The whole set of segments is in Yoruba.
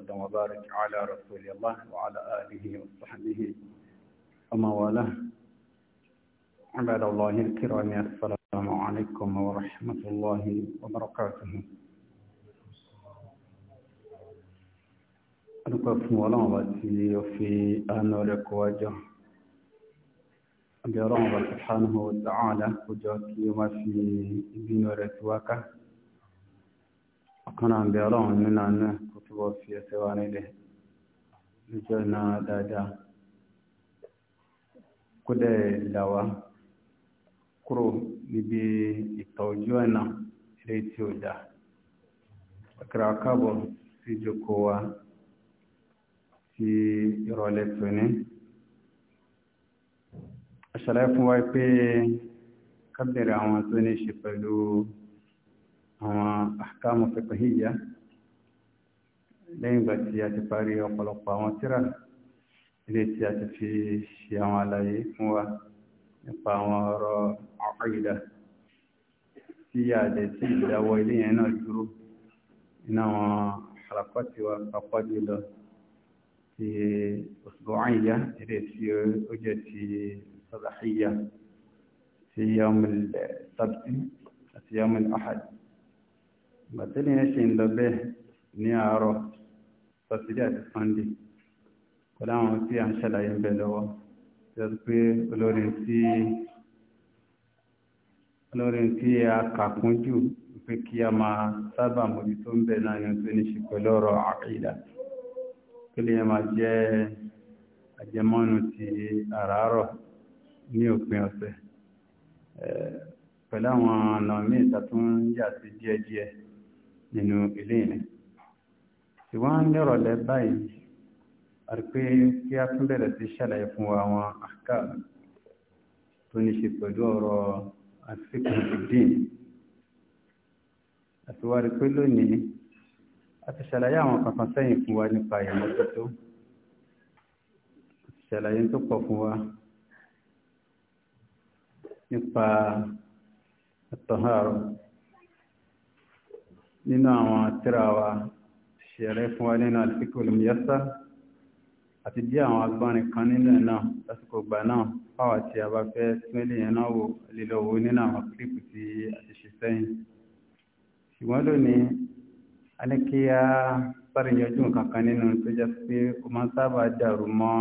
وسلم وبارك على رسول الله وعلى آله وصحبه وما والاه عباد الله الكرام السلام عليكم ورحمة الله وبركاته نقسم ولن أن لك وجه أبي سبحانه وتعالى وجاتي وما ọ̀kan náà bẹ ọlọ́run nínú àánú kó túbọ̀ fi ẹsẹ̀ wa nílẹ̀ níjọ́ náà dáadáa kó dẹ̀ là wá kúrò níbi ìtọ́jú ẹ̀nà ilé tí ó dá ọ̀kẹ́rẹ́ àkàbọ̀ sí ìjókòó wa ti ìrọ̀lẹ́ tòní àṣàlàyé fún wa pé kábẹ̀rẹ̀ àwọn tó ní ṣe pẹ̀lú àwọn àkáàmù fiqhiyya lẹ́yìn ìgbà tí a ti parí ọ̀pọ̀lọpọ̀ àwọn tírà ilé tí a ti fi ṣe àwọn àlàyé fún wa nípa àwọn ọ̀rọ̀ àkọ́yìdá tí a dẹ̀ tí ìdáwọ́ ilé yẹn náà dúró iná àwọn àlàkọ́ tí wa papọ̀ jùlọ ti usbu'iyya ilé tí ó jẹ́ ti sadahiyya ti yawmul sabti àti yawmul ahad gbàtẹ́lẹ̀ yẹn ṣe ń lọ bẹ́ẹ̀ ní àárọ̀ sọtidé àti sannde pẹ̀lú àwọn tí a ń ṣàlàyé ń bẹ lọ́wọ́ jẹ́ pé olórin tí olórin tí a kà kún jù pé kí a máa sábà mójú ni ń bẹ náà yẹn tó ní ṣe pẹ̀lú ọ̀rọ̀ àkìlà kí lè máa jẹ́ àjẹmọ́nu ti àràárọ̀ ní òpin ọ̀sẹ̀ pẹ̀lú àwọn ọ̀nà míì tá yà sí díẹ̀díẹ̀ nínú ilé yẹn tí wọ́n ń nírọ̀lẹ́ báyìí àrípé kí a tún bẹ̀rẹ̀ sí ṣàlàyé fún àwọn àká tó ní ṣe pẹ̀lú ọ̀rọ̀ àfikún ìdín àti wá rí pé lónìí a ti ṣàlàyé àwọn kankan sẹ́yìn fún wa nípa ìmọ́tótó ṣàlàyé tó pọ̀ fún wa nípa àtọ̀hárọ̀ nínú àwọn tíráwa ṣẹ̀rẹ́ fún wa nínú al-fiqhul muyassar àti bí àwọn agbọ́nrin kan nílẹ̀ náà lásìkò gbà náà fáwà tí a bá fẹ́ túnlé yẹn náà wò lílọ wo nínú àwọn kílípù tí a ti ṣe sẹ́yìn ṣùgbọ́n lónìí a ní kí a sáré yanjú nǹkan kan nínú tó jẹ́ pé ó máa ń sábà dàrú mọ́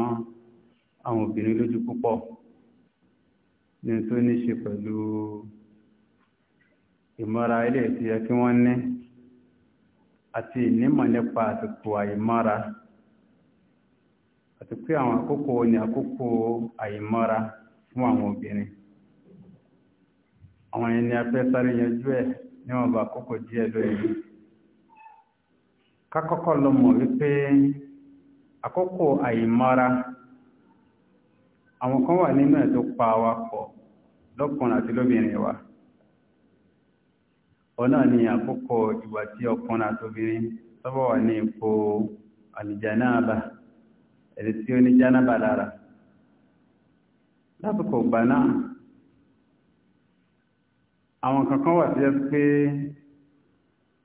àwọn obìnrin lójú púpọ̀ ní tó ní ṣe pẹ̀lú ìmọ̀ra ilé ìtìyẹ kí wọ́n ní. àti ìnímọ̀ nípa àsìkò àìmọ́ra àti pé àwọn àkókò ní àkókò àìmọ́ra fún àwọn obìnrin àwọn ẹni afẹ́ sáré yanjú ẹ̀ àwọn kan wà nínú tó pa wa àti lóbìnrin wa. ọ̀nà ni àkókò ìwà tí ọkùnrin àtòbìnrin tọ́bọ̀ wà ní ipò àlìjánáàbà ẹ̀rẹ̀ tí ó ní jánáàbà lára lásìkò ìgbà náà àwọn kankan wà tí ó pé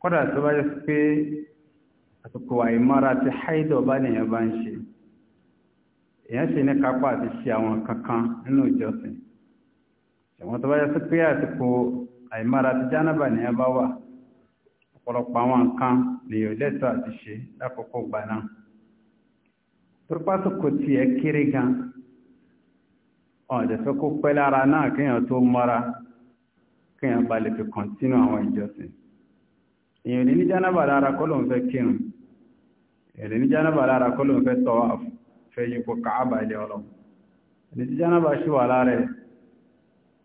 kọ́dà tó bá yẹ pé àsìkò àìmọ́ra ti haidọ̀ bá nìyẹn bá ń ṣe èyàn ṣe ní kápá àti ṣe àwọn kankan nínú ìjọsìn ṣùgbọ́n tó bá yẹ pé àsìkò àìmára ti jánábà ní ẹbá wà ọ̀pọ̀lọpọ̀ àwọn nǹkan lèyàn lẹ́tọ̀ àti ṣe lákòókò gbà náà torípásòkò tí ẹ kéré gan ọ̀dẹ̀fẹ́ kó pẹ́ lára náà kéèyàn tó mọ́ra kéèyàn bá lè fi kọ̀ntínú àwọn ìjọsìn èèyàn lè ní jánábà lára kọ́ ló ń fẹ́ kírun èèyàn lè ní jánábà lára kọ́ ló fẹ́ tọ́wọ́ fẹ́ káàbà ilé ọlọ́run èèyàn lè ní jánábà ṣì lára ẹ̀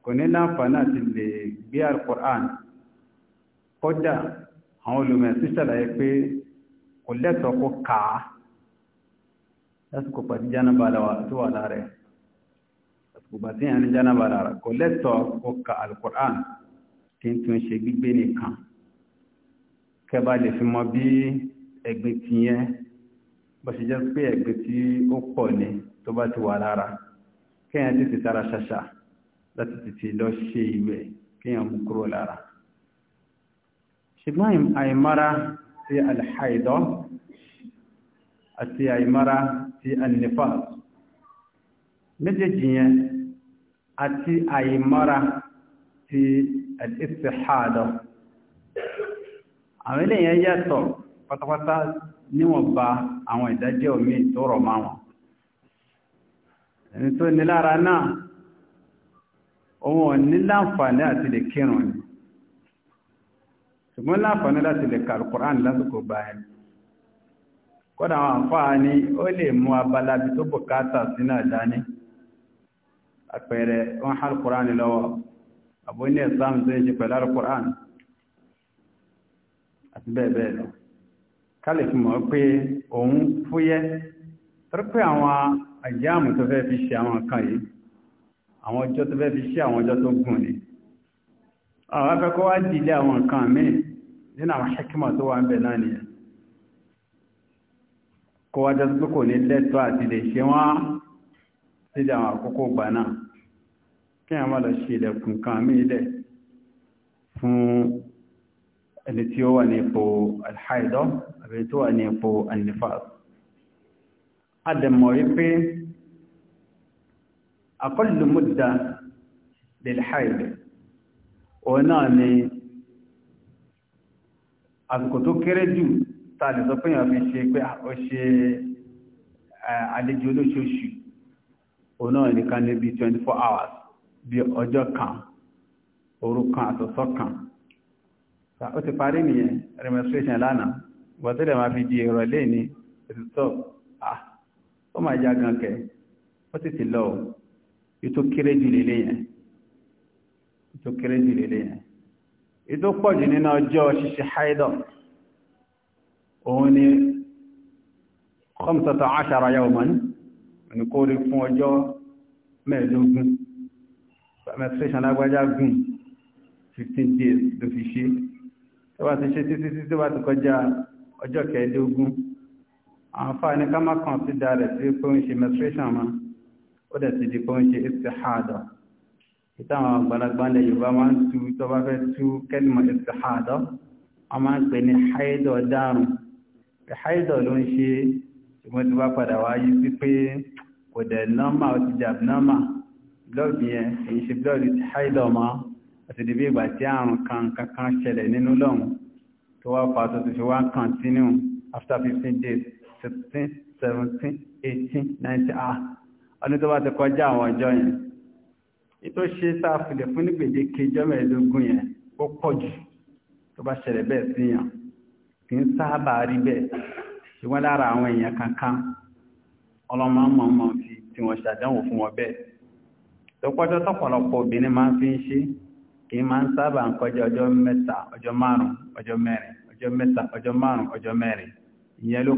kò ní láǹfààní àti lè gbé al-Qur'an kódà àwọn olùmẹ̀sí ṣàlàyé pé kò lẹ́tọ̀ọ́ kó kà á lásìkò pàtí jánàbà tó wà lára ẹ̀ lásìkò pàtí yàn ní jánàbà lára kò lẹ́tọ̀ọ́ kó ka al-Qur'an tí ń tún ṣe gbígbé nìkan kẹba lè fi mọ bí ẹ̀gbin ti yẹn bó ṣe jẹ́ pé ẹ̀gbin tí ó pọ̀ ni tó bá ti wà lára kẹ́yìn tètè tara ṣàṣà láti tètè lọ ṣe ìwẹ̀ kéèyàn mú kúrò lára ṣùgbọ́n àìmára sí alhaidọ́ àti àìmára sí annifas méjèèjì yẹn àti àìmára sí al-istihada àwọn eléyẹn yàtọ̀ pátápátá níwọ̀nba àwọn ìdájọ́ mi tó rọ̀ máa wọn ẹni tó nílára náà òun ní láǹfààní àti lè kírun ni ṣùgbọ́n láǹfààní láti lè ka Al-Qur'an lásìkò báyìí kọ́dà àwọn àǹfààní ó lè mú abalabi tó bùkátà sínú àdáni àpẹẹrẹ wọn há Al-Qur'an lọ́wọ́ àbó ní ẹ̀sán tó ń ṣe pẹ̀lú Al-Qur'an àti bẹ́ẹ̀ bẹ́ẹ̀ lọ kálẹ̀ fi mọ̀ pé òun fúyẹ́ tọ́pẹ́ àwọn àjáàmù tó fẹ́ fi ṣe àwọn kan yìí àwọn ọjọ́ tó fẹ́ fi ṣe àwọn ọjọ́ tó gùn ni àwọn afẹ́kọ́ wá dìlé àwọn nǹkan míì nínú àwọn ṣẹ́kímọ̀ tó wà ń bẹ̀ náà nìyẹn kó wájọ́ tó kò ní lẹ́tọ́ àti lè ṣe wọ́n sílẹ̀ àwọn àkókò gbà náà kí àwọn máa lọ ṣe ilẹ̀kùn kan míì lẹ̀ fún ẹni tí ó wà ní ipò alhaidọ́ àbí tó wà ní ipò annifas. a dẹ̀ mọ̀ wípé أقل مدة للحيض وناني àsìkò tó kéré jù tààlẹ̀ sọ pé èèyàn fi ṣe pé ah, ó ṣe àlejò olóṣooṣù òun náà nìkan ní bí 24 hours bí ọjọ́ kan òru kan àtọ̀sọ́ kan ó ti parí nìyẹn remonstration lánàá ìgbà tó lè máa fi di ìrọ̀lẹ́ ní ètùtọ́ ah, ó máa já gan kẹ ó sì ti lọ ètò kéré jù lélé yẹn ètò kéré jù lélé yẹn ètò pọ̀jù nínú ọjọ́ ṣíṣe haidọ̀ òun ni khamsata ashara yawman ní kó rí fún ọjọ́ mẹ́ẹ̀ẹ́dógún menstruation lágbájá gùn 15 days ló fi ṣe tó bá ti ṣe títí títí bá ti kọjá ọjọ́ kẹẹ̀ẹ́dógún àǹfààní ká má kàn sí dáadẹ̀ sí pé ó ń ṣe menstruation máa ó dẹ̀ ti di kọ́ńṣe istihada ìtàwọn àgbàlagbà ilẹ̀ yorùbá máa ń tú tó bá fẹ́ tú kẹ́lìmọ̀ istihada wọ́n máa ń pè ní haidọ̀ dárùn haidọ̀ ló ń ṣe ṣùgbọ́n tí wá padà wá yí sí pé kò dẹ̀ nọ́mà ó ti jà nọ́mà blọọdì yẹn èyí ṣe blọọdì ti haidọ̀ mọ́ àti ìdíbí ìgbà tí àrùn kan kankan ṣẹlẹ̀ nínú lọ́hùn tó wá fa tó ti fi wá continue after fifteen days sixteen seventeen eighteen nineteen ah ọdún tó bá ti kọjá àwọn ọjọ́ yẹn ètò ṣe sáfilẹ̀ fún nígbèdé kejọ́ mẹ́ẹ̀ẹ́dógún yẹn ó pọ̀ jù tó bá ṣẹlẹ̀ bẹ́ẹ̀ sí yàn kì í sábà rí bẹ́ẹ̀ lára àwọn èèyàn kankan ọlọ́mọ fi tí wọ́n ṣàdánwò fún wọn bẹ́ẹ̀ tó pọ́jọ́ tọ́pọ̀lọpọ̀ obìnrin máa ń fi ń ṣe kì í máa ń sábà ń kọjá ọjọ́ mẹ́ta ọjọ́ márùn-ún ọjọ́ mẹ́rin ọjọ́ mẹ́ta ọjọ́ márùn-ún ọjọ́ mẹ́rin ìyẹn ló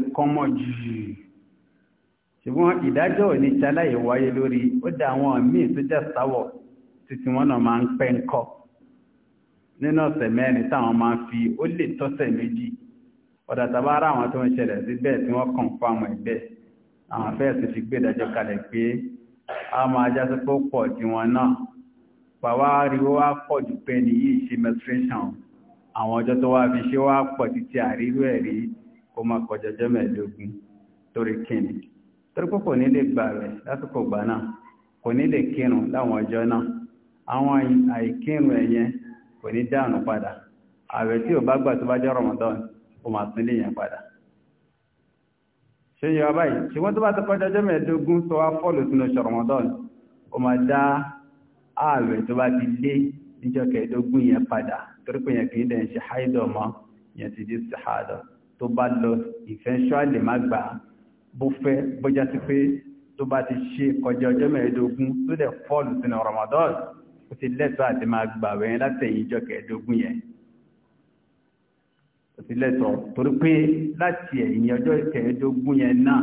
ṣùgbọ́n ìdájọ́ ò ní ṣaláyè wáyé lórí ó dá àwọn míì tó jẹ́ sáwọ̀ títí wọ́n náà máa ń pẹ́ ń kọ́ nínú ọ̀sẹ̀ mẹ́rin táwọn máa ń fi ó lè tọ́sẹ̀ méjì ọ̀dà tàbá ara àwọn tó ń ṣẹlẹ̀ sí bẹ́ẹ̀ tí wọ́n kàn fún àwọn ẹ̀bẹ́ àwọn afẹ́ẹ̀sì fi gbé ìdájọ́ kalẹ̀ pé a máa já pé ó pọ̀ ju wọn náà pàwá ariwo wá pọ̀ jù pé ní yìí ṣe menstruation àwọn ọjọ́ tó wá fi ṣe wá pọ̀ títí àrírú ẹ̀rí kó má kọjọjọ́ mẹ́ẹ̀ẹ́dógún torí kíni torípé kò ní lè gbà rẹ̀ lásìkò gbà náà kò ní lè kírun láwọn ọjọ́ náà àwọn àìkírun ẹ̀yẹn kò ní dáànù padà ààrẹ tí ò bá gbà tó bá jẹ́ Ramadan ó máa tún lè yẹn padà ṣe yọ báyìí ṣùgbọ́n tó bá ti kọjá ọjọ́ mẹ́ẹ̀ẹ́dógún tó sínú oṣù Ramadan ó máa dá ààrẹ tó bá ti dé níjọ́ kẹẹ̀ẹ́dógún yẹn padà torípé yẹn kì í dẹ̀ ń ṣe háìdọ̀ mọ́ yẹn ti di ṣèhádọ̀ tó bá lọ eventually má bó fẹ́ bójá ti pé tó bá ti ṣe kọjá ọjọ́ mẹ́ẹ̀ẹ́dógún tó dẹ̀ fọ́ọ̀lù sínú Ramadan ó ti lẹ́tọ̀ọ́ àti máa gbààwẹ̀ yẹn látẹ̀yìn ìjọ kẹẹ̀ẹ́dógún yẹn ó ti lẹ́tọ̀ọ́ torí pé láti ẹ̀yìn ọjọ́ kẹẹ̀ẹ́dógún yẹn náà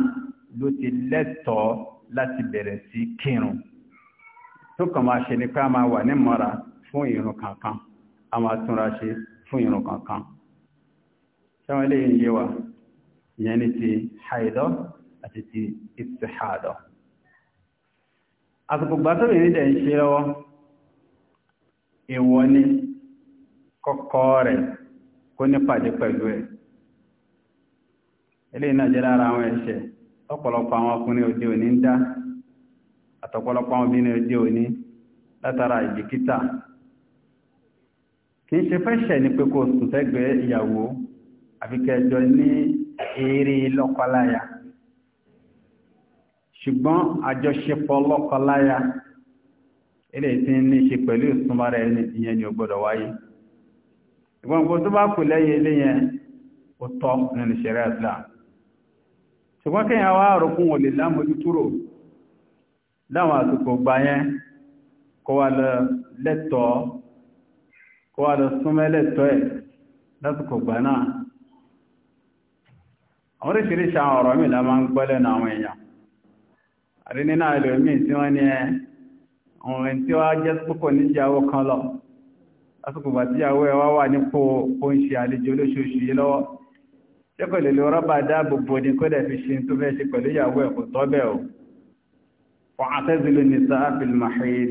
ló ti lẹ́tọ̀ọ́ láti bẹ̀rẹ̀ sí kírun tó kàn máa ṣe ni pé a máa wà ní mọ́ra fún ìrun kankan a máa túnra ṣe fún ìrun kankan ṣáwọn eléyìí ń yé wa ìyẹn ní ti haidọ́ àti ti ìfẹ̀hàdọ̀. àsìkò gbàtọ́rọ̀ èyí dẹ̀ ń ṣe lọ́wọ́ ìwọ ni kọ́kọ́ rẹ̀ kó nípàdé pẹ̀lú ẹ̀ eléyìí náà jẹ́ lára àwọn ẹ̀ṣẹ̀ ọ̀pọ̀lọpọ̀ àwọn ọkùnrin òde òní ń dá àtọ̀pọ̀lọpọ̀ àwọn obìnrin òde òní látara ìbìkítà kì í ṣe fẹ́ṣẹ̀ ní pé kò sùn sẹ́gbẹ̀ẹ́ ìyàwó àfikẹ́jọ ní eré lọ́kọláya ṣùgbọ́n àjọṣepọ̀ lọ́kọláya ilé tí ní ṣe pẹ̀lú ìsúnmọ́ra ìyẹn ni ó gbọ́dọ̀ wáyé ìwọ̀n kò tó bá kù lẹ́yìn ilé yẹn ó tọ́ nínú ṣẹ̀rẹ́ islam ṣùgbọ́n kí yẹn wá rọ̀kún ò lè lámójútúrò láwọn àsìkò gbà yẹn kó wá lọ lẹ́tọ̀ọ́ kó wá lọ súnmọ́ lẹ́tọ̀ọ́ ẹ̀ lásìkò gbà náà oríṣiríṣi àwọn ọ̀rọ̀ mi la máa ń gbọ́ lẹ́nu àwọn èèyàn àrí nínú ẹlòmíì tí wọ́n ní ẹ ọ̀rìn tí wọ́n jẹ́ púpọ̀ níjàwó kan lọ lásìkò bá tíyàwó ẹ wá wà nípò ó ń ṣe àlejò olóṣooṣù yìí lọ́wọ́ ṣé kò lè lo rọ́bà dáàbò bò ní kó dẹ̀ fi ṣe tó fẹ́ ṣe pẹ̀lú ìyàwó ẹ̀ kò tọ́ bẹ́ẹ̀ o fún àtẹ́zìlú ní sáàfìlì mahid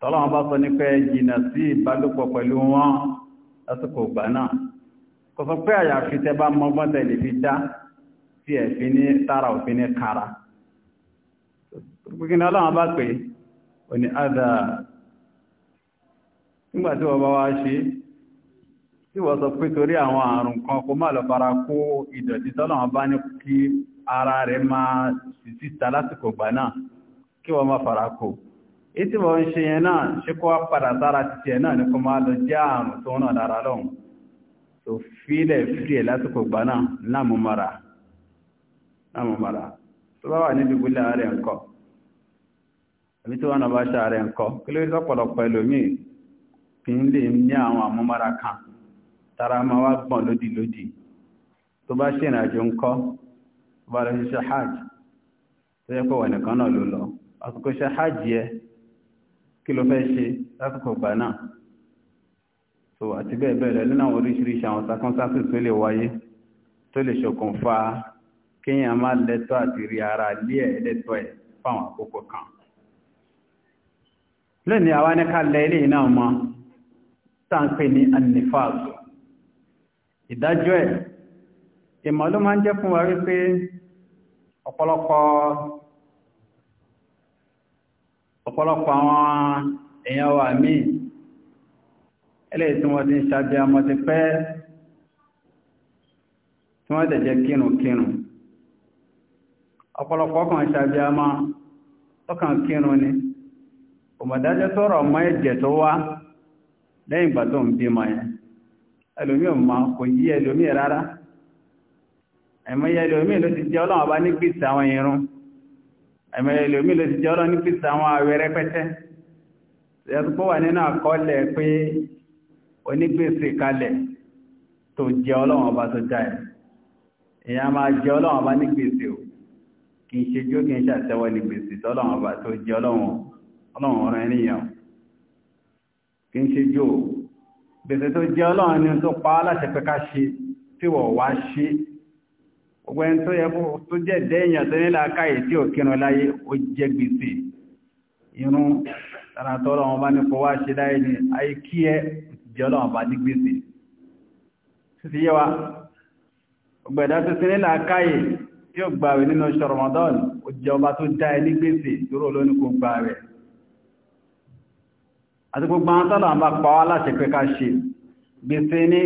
tọ́lọ́wọ́n bá sọ nípa jìnnà sí ìbálòpọ̀ pẹ̀lú wọn lásìkò ìgbà náà kò sọ pé àyàfi tẹ́ bá mọ́gbọ́n tẹ́ lè fi dá tí ẹ̀ fi ní tára òfin ní kára gbogbo ọlọ́run bá pè ò ní àdá tí wọ́n bá wá ṣe tí wọ́n sọ pé torí àwọn àrùn kan kó má lọ fara kó ìdọ̀tí tọ́lọ́run bá ní kí ara rẹ̀ máa sì síta lásìkò gbà náà kí wọ́n má fara kó ètí wọ́n ń ṣe yẹn náà ṣe kó wá padà sára títí ẹ̀ náà ní kó máa lọ jẹ́ àrùn tó náà dára lọ́hùn tó fílẹ̀ fílẹ̀ lásìkò gbà náà tó bá wà níbi àbí tí wọ́n náà bá ṣàárẹ̀ ńkọ́ kí ló sọ́pọ̀lọpọ̀ ẹlòmíì fi ń lè ní àwọn àmúmára kan tara máa wá gbọ̀n lódì lódì tó bá ṣe ìrìnàjò ńkọ́ tó bá lọ ṣiṣẹ́ hajj tó yẹ pé wọ́n nìkan náà ló lọ àsìkò ṣe yẹ kí ló fẹ́ ṣe lásìkò gbà náà so àti bẹ́ẹ̀ bẹ́ẹ̀ lọ nínú àwọn oríṣiríṣi àwọn circumstances tó lè wáyé tó lè ṣokùnfà kéèyàn má lẹ́tọ́ àti rí ara lé ẹ̀ lẹ́tọ́ ẹ̀ fáwọn àkókò kan lónìí àwa ní kalẹ̀ ilé iná ọmọ tàǹpé ní annifaso ìdájọ́ ẹ̀ ìmọ̀ ló máa ń jẹ́ fún wa wípé ọ̀pọ̀lọpọ̀ ọ̀pọ̀lọpọ̀ àwọn èèyàn wa míì ẹlẹ́yìí tí wọ́n ti ń ṣàbí ọmọ ti pẹ́ tí wọ́n tẹ̀jẹ́ kírunkírun ọ̀pọ̀lọpọ̀ ọkàn ṣàbí ọmọ ọkàn kírun ni òmọ̀dájọ́ tọ́rọ ọmọ ẹ̀jẹ̀ tó wá lẹ́yìn ìgbà tó ń bí ma yẹn ẹlòmí ọmọ kò yí ẹlòmí rárá ẹ̀mọ́yẹ ẹlòmí ló ti jẹ́ ọlọ́wọ́ bá ní pìtì àwọn irun ẹ̀mọ́yẹ ẹlòmí ló ti jẹ́ ọlọ́wọ́ ní pìtì àwọn àwẹ̀ rẹpẹtẹ ẹ̀sùpọ̀ wà nínú àkọọ́lẹ̀ pé onígbèsè ẹ̀ ọlọ́run ọ̀rọ̀ ẹni yàn kí ń ṣe jò bẹ̀sẹ̀ tó jẹ́ ọlọ́run ni tó pa láti pẹ́ká ṣe tí wọ̀ wá ṣe gbogbo ẹni tó yẹ tó jẹ́ dẹ́yìn tó nílà káyè tí ò kírun láyé ó jẹ́ gbèsè irun tara tọ́lọ́ wọn bá ní kó wá ṣe láyé ni ayé kí ẹ jẹ́ ọlọ́run bá ní gbèsè títí yẹ wa gbogbo ẹ̀dá tó ti nílà káyè tí ó gbàwé nínú ṣọ̀rọ̀mọ́dọ́ọ̀nù ó jẹ́ ọba tó dá ẹ ní gbèsè àti gbogbo àwọn tọ́lọ̀ àmà pàwọ́ aláṣẹ pé ká ṣe gbèsè ní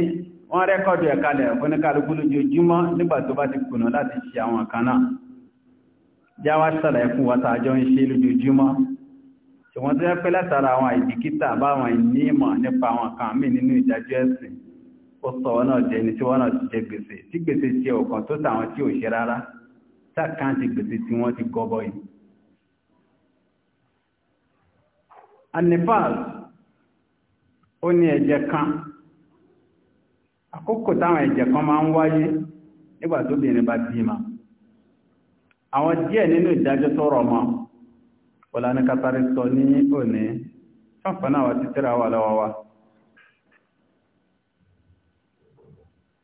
wọ́n rẹ́kọ̀dù ẹ̀kalẹ̀ fúnikálukú lójoojúmọ́ nígbà tó bá ti kùnà láti ṣe àwọn kan náà jáwá ṣàlàyé fún wata àjọ ń ṣe lójoojúmọ́ ṣùgbọ́n tó yẹ pé látara àwọn àìdìkítà báwọn ìnímọ̀ nípa àwọn kan mí nínú ìdájọ́ ẹ̀sìn ó sọ wọn náà jẹni tí wọn náà ti ó ní ẹ̀jẹ̀ kan àkókò táwọn ẹ̀jẹ̀ kan máa ń wáyé nígbà tó bìnrin bá bímọ àwọn díẹ̀ nínú ìdájọ́ tó rọ̀ mọ́ ọ̀là ní kátàrí sọ ní òní ṣọ́nfàná wa ti wà lọ́wọ́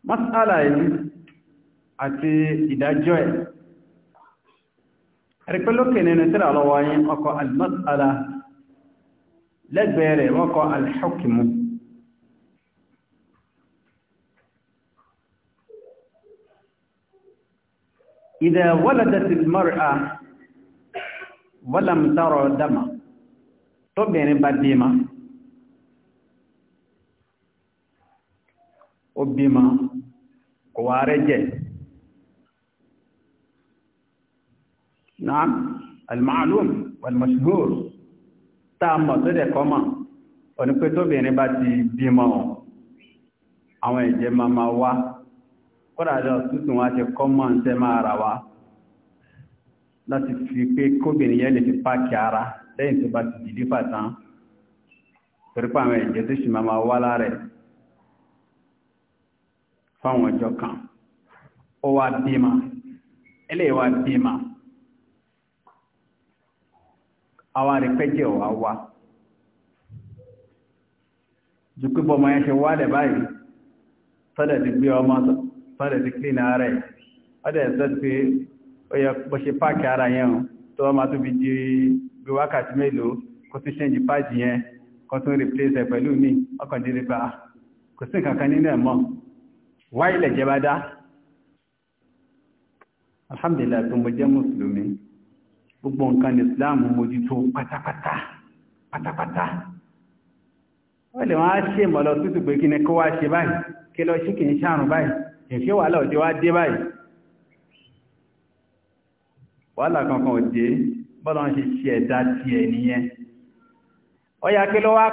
masala yìí àti ìdájọ́ ẹ̀ rí pé lókè nínú lọ́wọ́ yín ọkọ̀ al lẹ́gbẹ̀ẹ́ rẹ̀ wọ́n kọ alḥukimu idha waladatil mar'a walam tara dama tóbìnrin bá bímá ó bímá kò wá rẹ̀ jẹ́ naam al-ma'lum táàmọ̀ tó dẹ̀ kọ́mọ̀ ọ̀nà pé tóbìnrin bá ti bímọ àwọn ẹ̀jẹ̀ máa ma wá kọ́dàjọ́ tútù wá ti kọ́mọ̀ ń tẹ́ máa ra wá láti fi pé kóbìnrin yẹn lè fi páàkì ara lẹ́yìn tó bá ti dìdí fàtán torípa àwọn ẹ̀jẹ̀ tó sì máa ma wá lárẹ̀ fáwọn ọjọ́ kan ó wá bímọ ẹlẹ́yìn wá bímọ àwa rẹ̀ pẹ́jẹ́ ọ̀wá wá ju pé bọ́mọ yẹn ṣe wálẹ̀ báyìí tọ́lẹ̀ ti gbé ọmọ tọ́lẹ̀ ti clean ara ẹ̀ ọdẹ̀ ẹ̀sọ́ ti pé ó yẹ bó ṣe páàkì ara yẹn o tó ọmọ tó fi di ah, alhamdulillah tó mo jẹ́ mùsùlùmí gbogbo nǹkan islam mójútó pátápátá pátápátá wọ́n lè wọ́n á ṣe mọ̀lọ tútù pé kí ni kó wá ṣe báyìí kí lọ sí kì í ṣàrùn báyìí ìfẹ́ wàhálà òjò wá dé báyìí wàhálà kankan ò dé bọ́lá ń ṣe ṣe ẹ̀dá ti ẹ̀ nìyẹn ó yá kí ló wá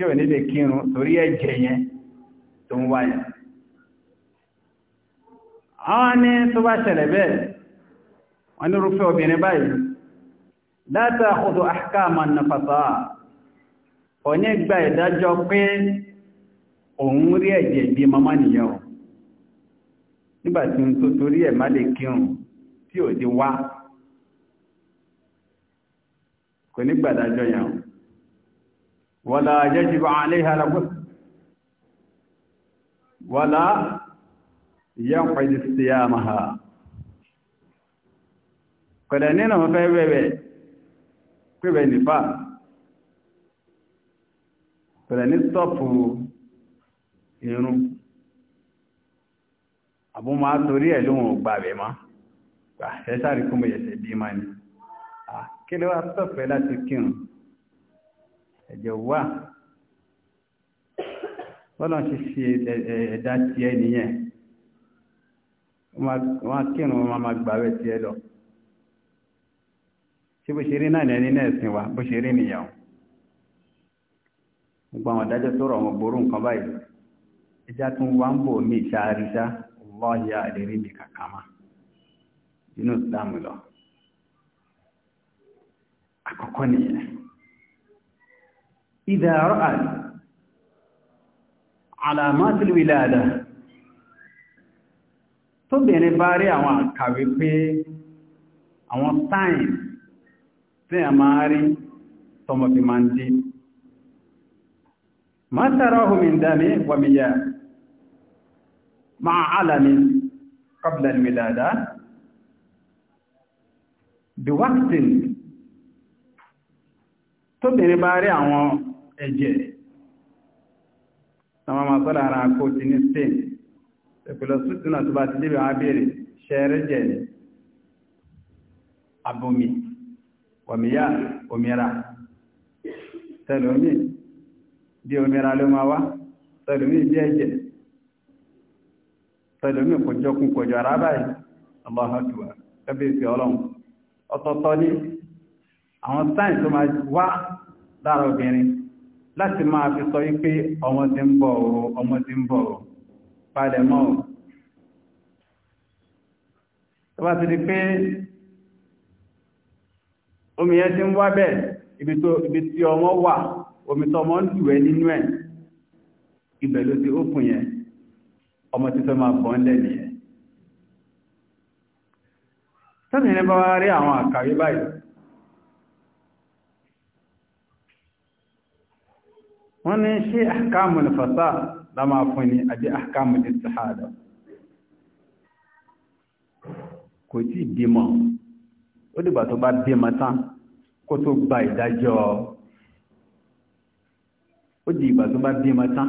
tí ò ní lè kírun torí ẹ̀jẹ̀ yẹn tó ń wáyà àwọn ní tó bá ṣẹlẹ̀ bẹ́ẹ̀ wọ́n ní rúfẹ́ obìnrin báyìí látà ọdọ̀ àkàmà nàfàtà ọ̀nyẹ́ gba ìdájọ́ pé òun rí ẹ̀jẹ̀ bí mamá nìyàwó nígbàtí tó torí ẹ̀ má lè kírun tí ò di wá ولا يجب عليها لابد ولا ينقض صيامها kọ̀dẹ̀ nínú fẹ́ wẹ́wẹ́ pẹ̀wẹ̀ nípa kọ̀dẹ̀ ní stọ́pù irun àbú máa torí ẹ̀ lóhun ògbà rẹ̀ má ẹ̀ṣàrí kúmọ̀ ẹ̀ṣẹ̀ bí má ní kí ló wá stọ́pù ẹ láti kírùn ẹ̀jẹ̀ wà bọ́lá ṣe ṣe ẹ̀dá tiẹ̀ nìyẹn wọ́n á kírun wọn máa gbàwẹ̀ tiẹ̀ lọ ṣé bó ṣe rí náà ní ẹ̀sìn wa bó ṣe rí nìyàwó gbogbo àwọn adájọ́ tó rọ̀ wọn ború nǹkan báyìí ẹjá tún wá ń bò mí ìṣáàríṣá lọ́ọ̀yà àdérí mi kàkà má inú ìsìlámù lọ àkọ́kọ́ nìyẹn إذا رأت علامات الولادة tó bẹ̀rẹ̀ bá rí àwọn àkàwé pé àwọn sáìn tí a máa rí tọmọ fi máa ń dé ma tarahu min dami wa miya ma alami qabla al-wilada bi waqtin tó bẹ̀rẹ̀ bá rí àwọn ẹ̀jẹ̀ àwọn ọmọ sọ́dọ̀ ara kò ti ní spain ìpìlọ̀ sútúnà tó bá ti débi àwọn abẹ́rẹ̀ ṣẹ́rẹ́ jẹ́ abomi òmíyà omira tẹ̀lómi bí omira ló máa wá tẹ̀lómi bí ẹ̀jẹ̀ tẹ̀lómi kò jọkun kò jọ ara báyìí aláhàtùwà ọlọ́run ní àwọn tó máa wá láti máa fi sọ wípé ọmọ ti ń bọ̀ ọ̀ ọmọ ti ń bọ̀ ọ̀ palẹ̀ mọ́ ọ̀ tó bá ti di pé omi yẹn ti ń wá bẹ́ẹ̀ ibi tí ọmọ wà omi tó ọmọ ń dùwẹ́ nínú ẹ̀ ibẹ̀ ló ti ókùn yẹn ọmọ ti fẹ́ máa bọ̀ ń lẹ́nu wọ́n ní ṣe fasa la mafi fún a àbí ahkamul istihada kò tí bímọ ó dìgbà tó bá bímọ tán kó gba ìdájọ́ ó di ìgbà tó bá bímọ tán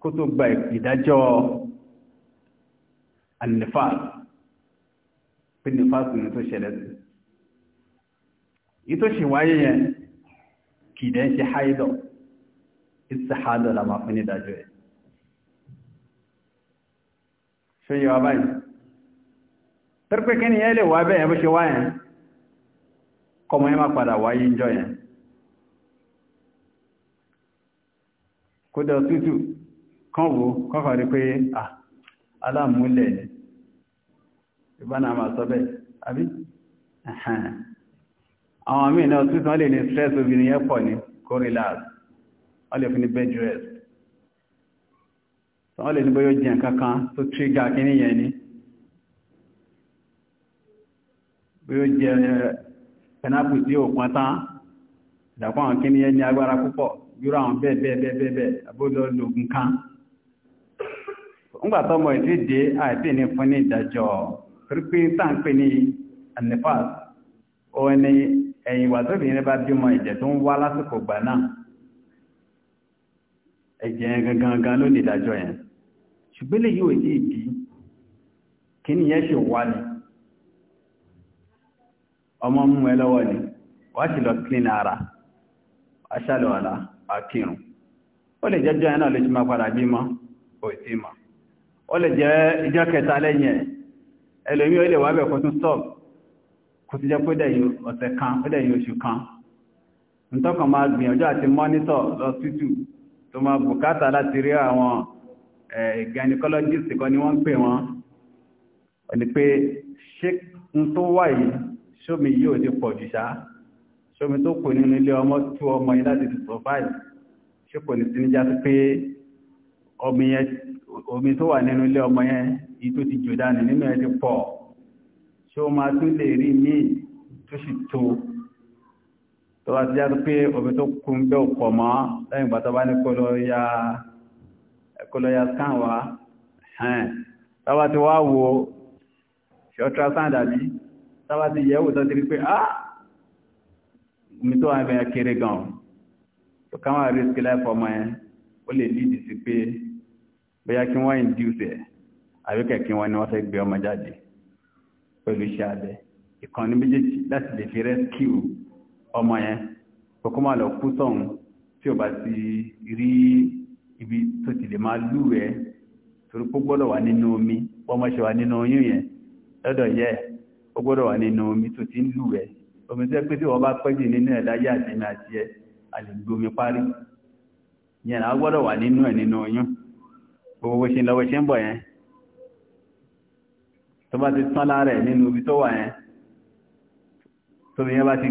kó to gba ìdájọ́ anifas pé nifas ni tó ṣẹlẹ̀ ìsìhádọ̀ la máa fún ní ìdájọ́ ẹ̀ ṣe yọ abáyìí tẹ́rẹ́pẹ́ kí ni ẹ lè wá bẹ́ẹ̀ bó ṣe wáyẹn kọmọ ẹ máa padà wáyé ń jọ yẹn kódà tútù kan wo kọfà rí pé à aláàmúlẹ̀ ni ìbánà máa sọ bẹ́ẹ̀ àbí àwọn àmì ìnáà tútù wọ́n lè ní stress obìnrin yẹn pọ̀ ní kórìláàsì wọ́n fún ní bed rest wọ́n lè ní bóyọ́ jẹ́ kankan tó yẹn ni bóyọ́ jẹ́ pẹ̀nápù tí ó pọ́n tán ìdàpọ̀ àwọn kíní yẹn ní agbára púpọ̀ yúrò àwọn bẹ́ẹ̀ bẹ́ẹ̀ bẹ́ẹ̀ bẹ́ẹ̀ ní fún ní ìdájọ́ ni ìjẹ̀ tó ń wá lásìkò gbà náà ẹ̀jẹ̀ yẹn gangan ló ní ìdájọ́ yẹn ṣùgbọ́n lè yíò ìdí ìdí kí ni yẹn ṣe wá ní ọmọ mú ẹ lọ́wọ́ ni wá sì lọ clean ara aṣálọ̀ ọ̀la akírun ó lè jẹ́jọ́ yẹn náà lè ṣe máa padà bí mọ́ kò sí mọ́ ó lè jẹ́ ìjọ́ kẹta lẹ́yìn ẹ̀ ẹlòmí ó lè wá bẹ̀ kó tún stop kó ti jẹ́ pé dẹ̀yìn ọ̀sẹ̀ kan ó dẹ̀yìn oṣù kan ntọ́kàn máa gbìyànjú àti mọ́nítọ̀ lọ tútù tó máa bùkátà láti rí àwọn gynecologist kan ni wọ́n ń pè wọ́n ẹni pé ṣé n tó wà yìí ṣómi yóò ti pọ̀ jù ṣá ṣómi tó kù nínú ilé ọmọ tú ọmọ yìí láti ti survive ṣé kò ní sí níjà sí pé omi tó wà nínú ilé ọmọ yẹn yìí tó ti jò dànù nínú ẹ ti pọ̀ ṣé máa tún lè rí míì tó sì tó tó bá ti já pé omi tó kún bẹ́ òpọ̀ mọ́ lẹ́yìn ìgbà tó bá ní kọlọ́yà scan wa tàbá ti wá wo ṣe ultrasound àbí tàbá ti yẹ̀wò tó ti rí pé ah omi tó wà bẹ̀yà kéré gan tó káwọn risk life ọmọ ẹ ó lè lead sí pé bóyá kí wọ́n induce ẹ̀ àbíkẹ̀ kí wọ́n ni wọ́n fẹ́ gbé ọmọ jáde pẹ̀lú iṣẹ́ abẹ ìkànnì méjèèjì láti lè fi rescue ọmọ yẹn kọ́kọ́ máa lọ kú tí o bá ti rí ibi tó ti lè máa lù ẹ torí wà nínú omi ọmọ ṣe wà nínú oyún yẹn lọ́dọ̀ yẹ ó wà nínú omi tó ti ń lú ẹ omi tó pé tí wọ́n bá nínú àtẹ̀mí àti a wà nínú nínú oyún gbogbo ṣe ṣe ń yẹn ti tán lára ibi tó wà yẹn tóbi yẹn bá ti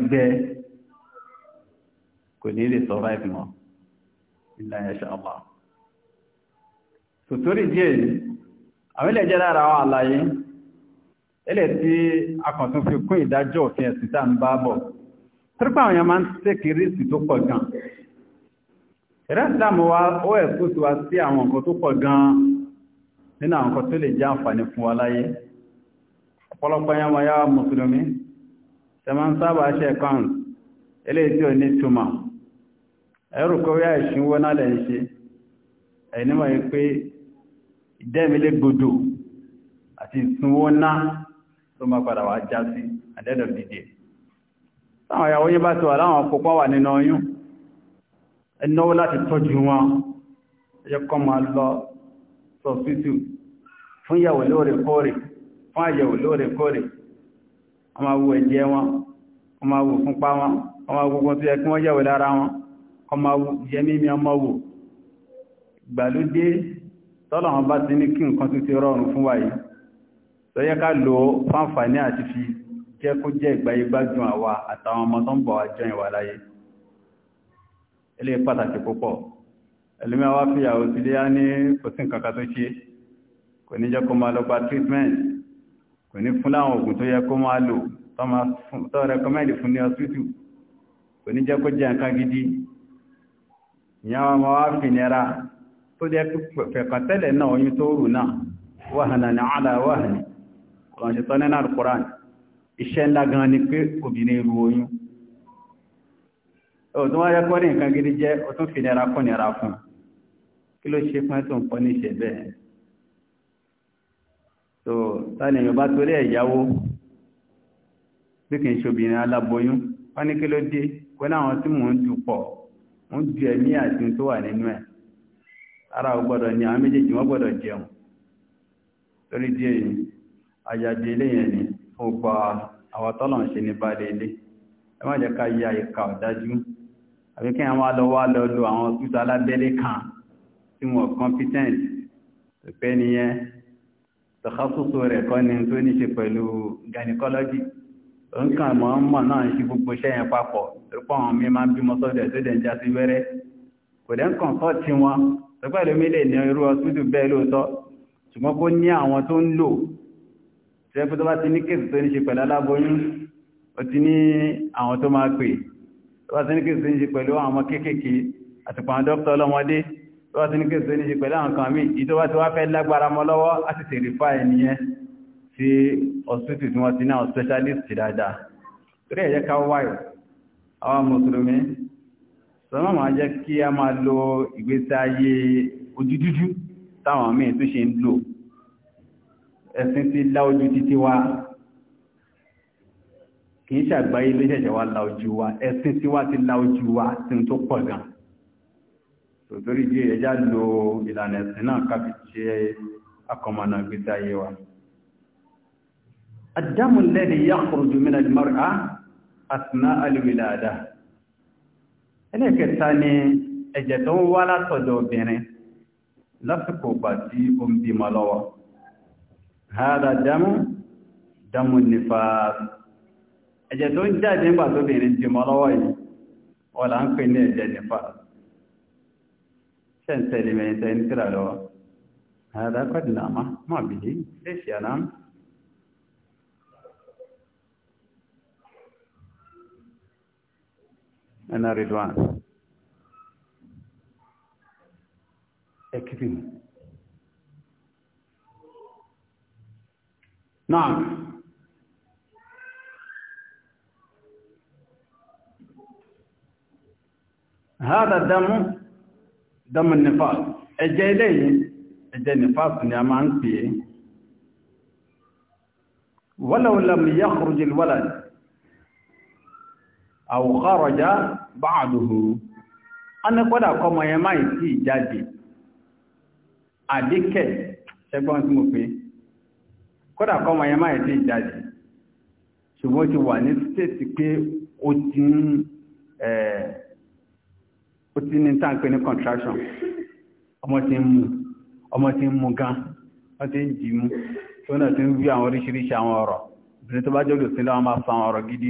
kò ní lè survive mọ́ illa yasha Allah tòtórí díẹ̀ yìí àwọn ilẹ̀ jẹ́ lára àwọn àlàyé ilẹ̀ tí akọ̀tún fi kún ìdájọ́ òfin ẹ̀sìn tá ń bá bọ̀ tírípà àwọn yẹn máa ń tẹ́kì rísì tó pọ̀ gan ìrẹ́sìlámù wa ó ẹ̀kú sí wa sí àwọn nǹkan tó pọ̀ gan nínú àwọn nǹkan tó lè jẹ́ àǹfààní fún wa láyé ọ̀pọ̀lọpọ̀ yẹn wọ́n yá mùsùlùmí tẹ̀mọ́ ń sábà ṣe ẹ̀kọ́ ilé tí ò ní túmọ̀ ẹrù kọ́wẹ́ àìṣínwó náà lẹ́ ń ṣe ẹ̀nímọ̀ yí pé ìdẹ́milé gbogbo àti ìsúnwó náà tó máa padà wà já sí àdẹ́dọ̀ dìde táwọn ìyàwó yí bá ti wà láwọn kópa wà nínú oyún ẹnáwó láti tọ́jú wọn ẹjọ́ kọ́ máa lọ sọ̀fíìtù fún ìyàwó lóòrèkóòrè fún àyẹ̀wò lóòrèkóòrè wọ́n máa wo ẹ̀jẹ̀ wọn wọ́n máa wo fúnpá wọn wọ́n máa gbogbo tó yẹ kí wọ́n yẹ̀wò lára wọn yẹmímí ọmọ wò gbàlódé tọ́lọ̀ wọn bá ti ní kí nǹkan tó ti rọrùn fún wa yìí tó yẹ ká lò fáǹfààní àti fi jẹ́ kó jẹ́ ìgbáyé gbádùn àwa àtàwọn ọmọ tó ń bọ̀ wá jọyìn wà láyé ilé pàtàkì púpọ̀ ẹlòmíà wá fìyàwó sílé á ní kò sí tó ṣe kò ní jẹ́ kó máa lọ gba treatment kò ní fún láwọn oògùn tó yẹ kó máa lò tó rẹkọmẹ́ndì fún ní hospital kò ní jẹ́ kó jẹ́ nǹkan gidi ìyá wọn ma wá fi nira tó jẹ́ fẹ̀kọ̀tẹ́lẹ̀ náà oyún tó rù náà wáhànà ní àlà wáhànì kọ̀ọ̀ṣẹ́ tọ́ nínú alukuran iṣẹ́ ńlá gan ni pé obìnrin ru oyún ọ̀tún wáyé kọ́ ní nǹkan gidi jẹ́ ó tún fi nira kún nira fún kí ló ṣe pẹ́ tó ń pọ́ ní bẹ́ẹ̀ tó tani èèyàn bá torí ẹ̀yáwó bí kì í ṣe obìnrin aláboyún wọ́n ní kí ló dé pẹ́ láwọn tí mò ń dupọ̀ ń ju ẹ̀mí àti tó wà nínú ẹ̀ ara ò gbọ́dọ̀ ní àwọn méjèèjì wọ́n gbọ́dọ̀ jẹun torí díẹ̀ yìí àjàdì ilé yẹn ni fún gba àwọn tọ́lọ̀ ń ṣe ní bá ilé ẹ má jẹ́ ká ya ìka ọ̀dájú àbí kí àwọn lọ wá lọ lo àwọn túta alábẹ́lé kan tí wọ́n competent pẹ́ nìyẹn tọ́kásùsù rẹ̀ kọ́ ni tó ní ṣe pẹ̀lú gynecology nǹkan mọ̀ ń mọ̀ náà ṣí gbogbo iṣẹ́ yẹn papọ̀ rúpọ̀ àwọn mi máa ń bímọ sọ́dẹ̀ tó dẹ̀ ń já sí wẹ́rẹ́ kò dẹ̀ ń kàn sọ́ ti wọn rúpọ̀ ìlú mi lè ní irú ọsúdù bẹ́ẹ̀ lóòótọ́ ṣùgbọ́n kó ní àwọn tó ń lò ṣe pé tó bá ti ní kéèsì tó ní ṣe pẹ̀lú aláboyún ó ti ní àwọn tó máa pè tó bá ti ní kéèsì tó ní ṣe pẹ̀lú àwọn ọmọ kéékèèké àtìpọ̀ àwọn dókítà ọlọ́mọdé tó bá ti ní kéèsì tó ní ṣe pẹ̀lú àwọn kan míì ìtọ́wá ti wá fẹ́ tí hospital tí wọ́n ti náà specialist dáadáa torí ẹ̀yẹ́ ká wáyò àwọn mùsùlùmí sọmọ́ máa jẹ́ kí a máa lo ìgbésí ayé ojúdúdú táwọn míì tó ṣe ń lò ẹ̀sìn ti láojú títí wá kì í ṣàgbáyé ló ṣẹ̀ṣẹ̀ wá láojú wa ẹ̀sìn tí wá ti láojú wa tí tó pọ̀ gan tòtórí bí ẹjá lo ìlànà ẹ̀sìn náà kábi akọmọ̀nà ìgbésí ayé wa. الدم الذي يخرج من المرأة أثناء الولادة هناك الثاني أجدون ولا صدو بني لفكوا بسيئهم بملوة هذا دم دم النفاس أجدون جادين بسيئ بني بملوة ولا أنكوين أجد نفاس شن سليمين سين هذا قد نعمه ما به ليش يا نعمه أنا رضوان اكرم نعم هذا الدم دم النفاق اجي لي اجي نفاق نعمان فيه ولو لم يخرج الولد àwòkọ́rọ̀já bá àdùhù anẹ́kọ́dà kọmọ yẹn máa sí ìjáde àdíkẹ̀ ṣẹgbọ́n tí mo pé kọmọ yẹn máa ìjáde ṣùgbọ́n ti wà ní stéètì pé ó ti ń ó ti ní tàǹpé ní contraction ọmọ ti ń ọmọ ti ń mú gan wọ́n ti ń jì mú tí wọ́n náà ti ń wí àwọn oríṣiríṣi àwọn ọ̀rọ̀ tó bá jọ́ lòsílẹ̀ wọn máa fa àwọn ọ̀rọ̀ gidi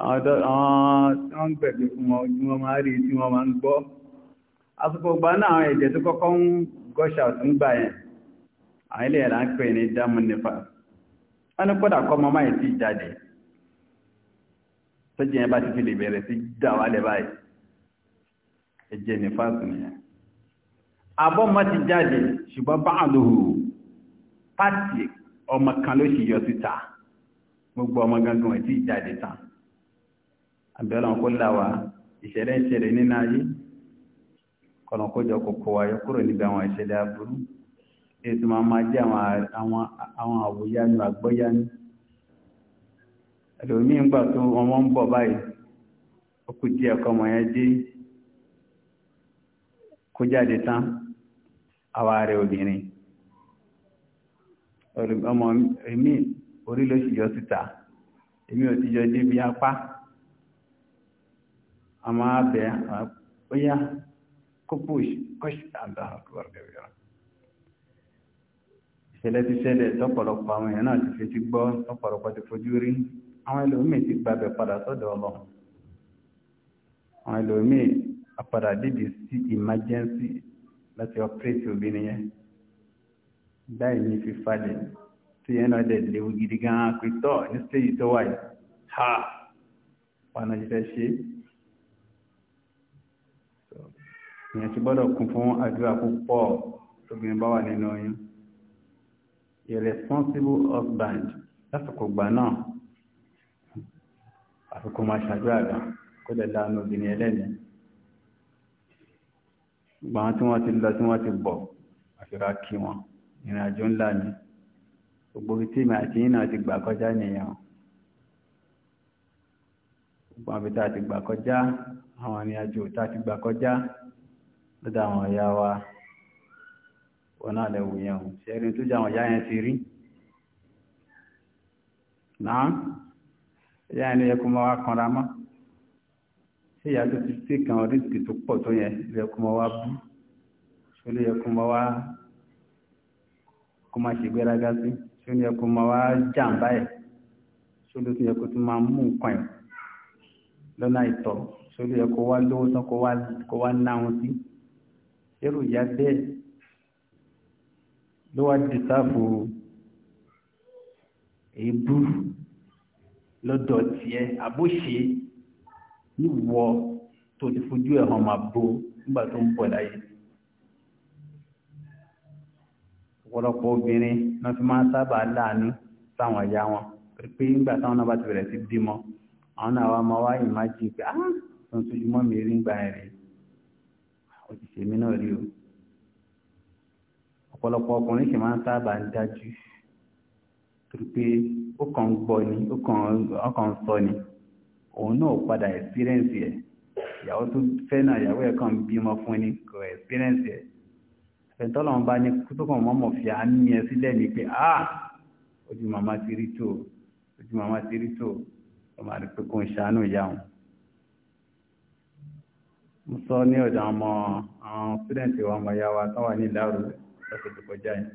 àwọn tí wọ́n ń pẹ̀lú fún wọn tí wọ́n máa rí tí wọ́n máa ń gbọ́. asùpọ̀gbà náà àwọn ẹ̀jẹ̀ tó kọ́kọ́ ń gọ́ṣà tó ń gbà yẹn àwọn ilé ẹ̀rà ń pè ní dámù nípa wọ́n ní kódà kọ́ mọ́má yìí ti jáde tó jẹ́ bá ti fi lè bẹ̀rẹ̀ sí dà báyìí ẹ̀jẹ̀ abẹ́lọ́n kó là wá ìṣẹ̀lẹ̀ ìṣẹ̀lẹ̀ nínú ayé kọ̀nà kó jọ kòkó wáyé kúrò níbi àwọn ìṣẹ̀lẹ̀ aburú èyí tó máa máa jẹ́ àwọn àwòyánu àgbọ́yánu ẹlòmíì ń gbà tó ọmọ ń bọ̀ báyìí ó kù díẹ̀ kọ́ ọmọ yẹn dé kó jáde tán àwa rẹ̀ obìnrin ọmọ èmi orí ló ṣìyọ́ síta èmi ò ti yọ dé bí apá a máa bẹ̀ ó yá kó pòṣì kọ́ṣì àdáhàkúwà gẹ̀rẹ̀ ìṣẹ̀lẹ̀ ti ṣẹlẹ̀ tọ́pọ̀lọpọ̀ àwọn èèyàn náà ti fi ti gbọ́ tọ́pọ̀lọpọ̀ ti fojú rí àwọn ẹlòmíì ti gbàbẹ̀ padà sọ́dọ̀ ọlọ́run àwọn ẹlòmíì apadà dìde sí emergency láti ọpẹ́rẹ́tì obìnrin yẹn dai ní fífalẹ̀ tí yẹn náà dẹ̀ léwu gidi gan-an pé tọ́ ní stéèjì ha wọn náà ti fẹ́ èèyàn ti gbọ́dọ̀ kún fún àdúrà púpọ̀ lóbìnrin bá wà nínú oyún a responsible husband lásìkò gbà náà àfikún máa ṣàdúrà gà kó lè láàánú obìnrin ẹlẹ́ni gbà wọn tí wọ́n ti lọ tí wọ́n ti bọ̀ àfihà kí wọn ìrìn àjò ńlá ni gbogbo tí mi àti yín náà ti gbà kọjá nìyẹn gbogbo àbí tá a ti gbà kọjá àwọn ìrìn àjò tá a ti gbà kọjá lọ́dọ̀ àwọn ọ̀yá wa wọn náà lẹ́wù yẹn o ṣe ẹni tó jẹ́ àwọn ọ̀yá yẹn ti rí náà ìyá yẹn ló yẹ kó máa wá kanra mọ́ ṣé ìyá tó ti ṣe kan oríṣìí tó pọ̀ tó yẹn ló yẹ kó máa wá bú ṣé ló yẹ kó máa wá kó máa ṣègbéraga sí ṣé ló yẹ kó máa wá jàǹbá ẹ̀ ṣé ló yẹ kó tún máa mú nǹkan ẹ̀ lọ́nà ìtọ̀ ṣé ló yẹ kó wá lówó tán kó wá náwọn sí irú ìyá bẹ́ẹ̀ ló wá di sáfù èébú lọ́dọ̀ tiẹ̀ àbóṣe níwọ tó ti fojú ẹ̀ hàn máa bo nígbà tó ń bọ̀ láyé. ọ̀pọ̀lọpọ̀ obìnrin náà fi máa ń sábà láàánú sáwọn ìyá wọn pé nígbà táwọn náà bá ti bẹ̀rẹ̀ sí bímọ àwọn náà wá máa wá ìmájì pé ah tó ń tójú mọ́ mi rí nígbà yẹn rèé ó ti ṣèmi náà rí o ọ̀pọ̀lọpọ̀ ọkùnrin sì máa ń sábà ń dájú torí pé ó kàn ń gbọ́ ni ó kàn ń sọ ni òun náà padà experience ẹ̀ ìyàwó tó fẹ́ náà ìyàwó ẹ̀ kàn ń bímọ fún ni kò experience ẹ̀ ẹ̀tọ́lọ̀ bá ní kútùkọ̀ mọ́mọ̀ fi à ń yẹn sílẹ̀ ní pé ah ojú màmá ti rí tó ojú màmá ti rí tó ọmọ àdìpẹ́ kò ń ṣàánú ìyá wọn mo sọ ní ọ̀dọ̀ ọmọ àwọn sídẹ̀ǹtì wa ọmọ ìyá wa tán wà ní ìlàrú lọ́sẹ̀ tó kọjá yìí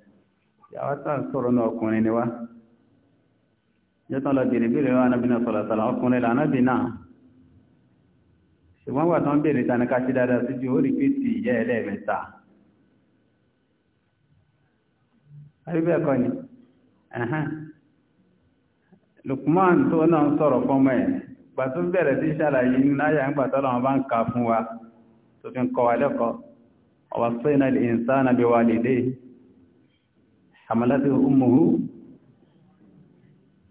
ìyá wa tá à ń sọ̀rọ̀ náà ọkùnrin ni wá yọ́tàn lọ bèrè bèrè wa anábì náà sọ̀rọ̀ sọ̀rọ̀ ọkùnrin là anábì náà ṣùgbọ́n wà tán bèrè tani ká ṣe dáadáa sí ju ó rí pétì ìyá ẹlẹ́ẹ̀mẹ́ta àbíbẹ̀ ẹ̀kọ́ ni Lukman tó náà ń sọ̀rọ̀ fọ́mọ ẹ̀ gbàtún bẹ̀rẹ̀ sí ṣàlàyé náyà ń gbàtọ́ lọ́wọ́ bá ń ka fún wa tó fi ń kọ wa lẹ́kọ̀ọ́ ọwà sínà ìsáàna bí wà lèdè hamalatu umuhu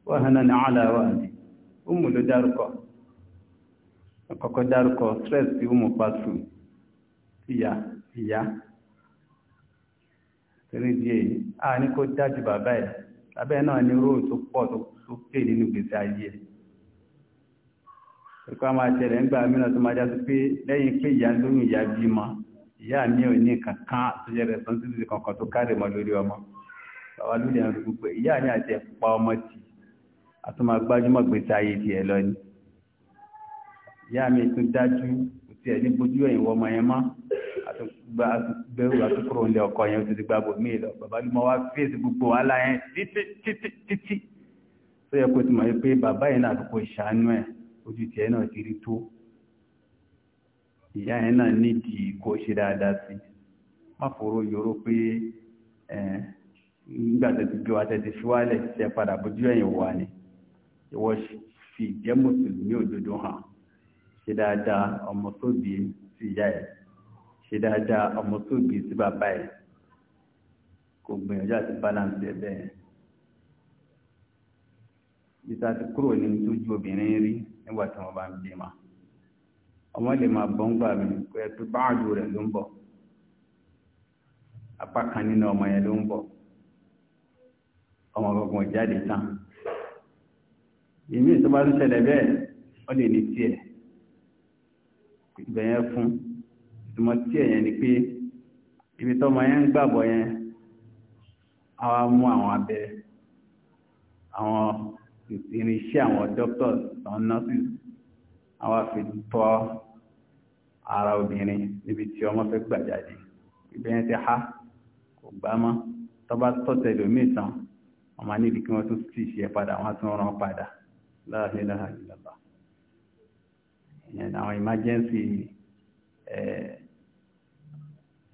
wà hànà ní àlàwà ní umu ló dárúkọ ọkọ̀kọ́ dárúkọ stress tí umu pàtó ìyá ìyá torí díẹ̀ a ní kó dájú bàbá ẹ̀ lábẹ́ náà ní róò pọ̀ tó pè nínú gbèsè ayé ẹ̀ ìkọ́ máa ṣẹlẹ̀ ńgbà mìíràn tó máa já sí pé lẹ́yìn pé ìyá lóyún ìyá bímọ ìyá mi ò ní nǹkan kan tó jẹ́ responsibility kankan tó kárí mọ́ lórí ọmọ bàbá lórí ẹ̀rọ gbogbo ìyá ní àti ẹ̀pá ọmọ tì àti máa gbájúmọ̀ gbèsè ayé ti ẹ̀ lọ ni ìyá mi tún dájú kò tí ẹ̀ ní bójú ẹ̀yìn wọ ọmọ yẹn mọ́ àti gbẹ̀rù àti kúrò ńlẹ̀ ọkọ yẹn ó ti gba bò míì lọ bàbá ló mọ wá fèsì gbogbo wàhálà yẹn títí títí títí tó yẹ kó ti mọ̀ pé bàbá yẹn náà àdúgbò ìṣàánú ẹ̀ ojú tí ẹ náà ti tó ìyá ẹ náà nídìí kó ṣe dáadáa sí má fòrò yòró pé nígbà tó ti gbé wa tẹ́tí ṣíwálẹ̀ ṣe padà bójú ẹ̀yìn wà ní ìwọ fi ìjẹ́ mùsùlùmí òdodo hàn ṣe dáadáa ọmọ tó bí sí ìyá ẹ̀ ṣe dáadáa ọmọ tó bí sí bàbá ẹ̀ kò gbìyànjú àti balance ẹ̀ bẹ́ẹ̀. ìta ti kúrò ní tójú obìnrin rí nígbà tí wọ́n bá ń bímọ ọmọ lè máa bọ́ ń gbà mí kó ẹ pé báàdù rẹ̀ ló ń bọ̀ apá kan nínú ọmọ yẹn ló ń bọ̀ ọmọ gbọ̀ngàn jáde tán ìmí tó bá tún ṣẹlẹ̀ bẹ́ẹ̀ ó lè ní tiẹ̀ ibẹ̀ yẹn fún ìtumọ̀ tiẹ̀ yẹn ni pé ibi tọ́mọ yẹn ń gbàbọ̀ yẹn á wá mú àwọn abẹ àwọn irinṣẹ́ àwọn doctors àwọn nurses àwọn fi tọ́ ara obìnrin níbi tí ọmọ fẹ́ gbà jáde ìbẹ̀yẹn ti há kò gbá mọ́ tó bá tọ́tẹ̀ lómi ìtàn ọmọ nídìí kí wọ́n tún ti ṣe padà wọ́n tún rán padà láàrin láàrin lọ́ba ìyẹn àwọn emergency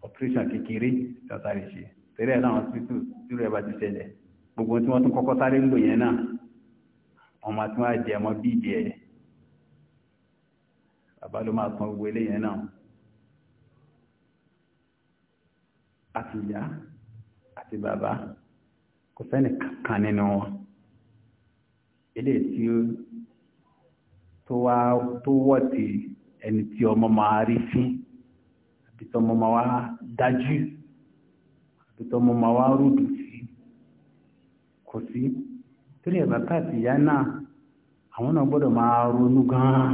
operation kékeré tọ́tà lè ṣe tẹ́lẹ̀ náà hospital tí rẹ̀ bá ti ṣẹlẹ̀ gbogbo tí wọ́n tún kọ́kọ́ sáré ń lò yẹn náà ọmọ tí wọ́n jẹ ọmọ bíbí ẹ̀ bàbá ló máa san gbogbo eléyẹn náà àti ìyá àti bàbá kò sẹ́ni kankan nínú wọn eléyìí tí tó tó wọ̀ tí ẹni tí ọmọ máa rí fín àbí tọmọ máa wá dájú àbí tọmọ máa wá rúdù sí kò sí torí ẹ̀ bàbá àti ìyá náà àwọn náà gbọ́dọ̀ máa ronú gan-an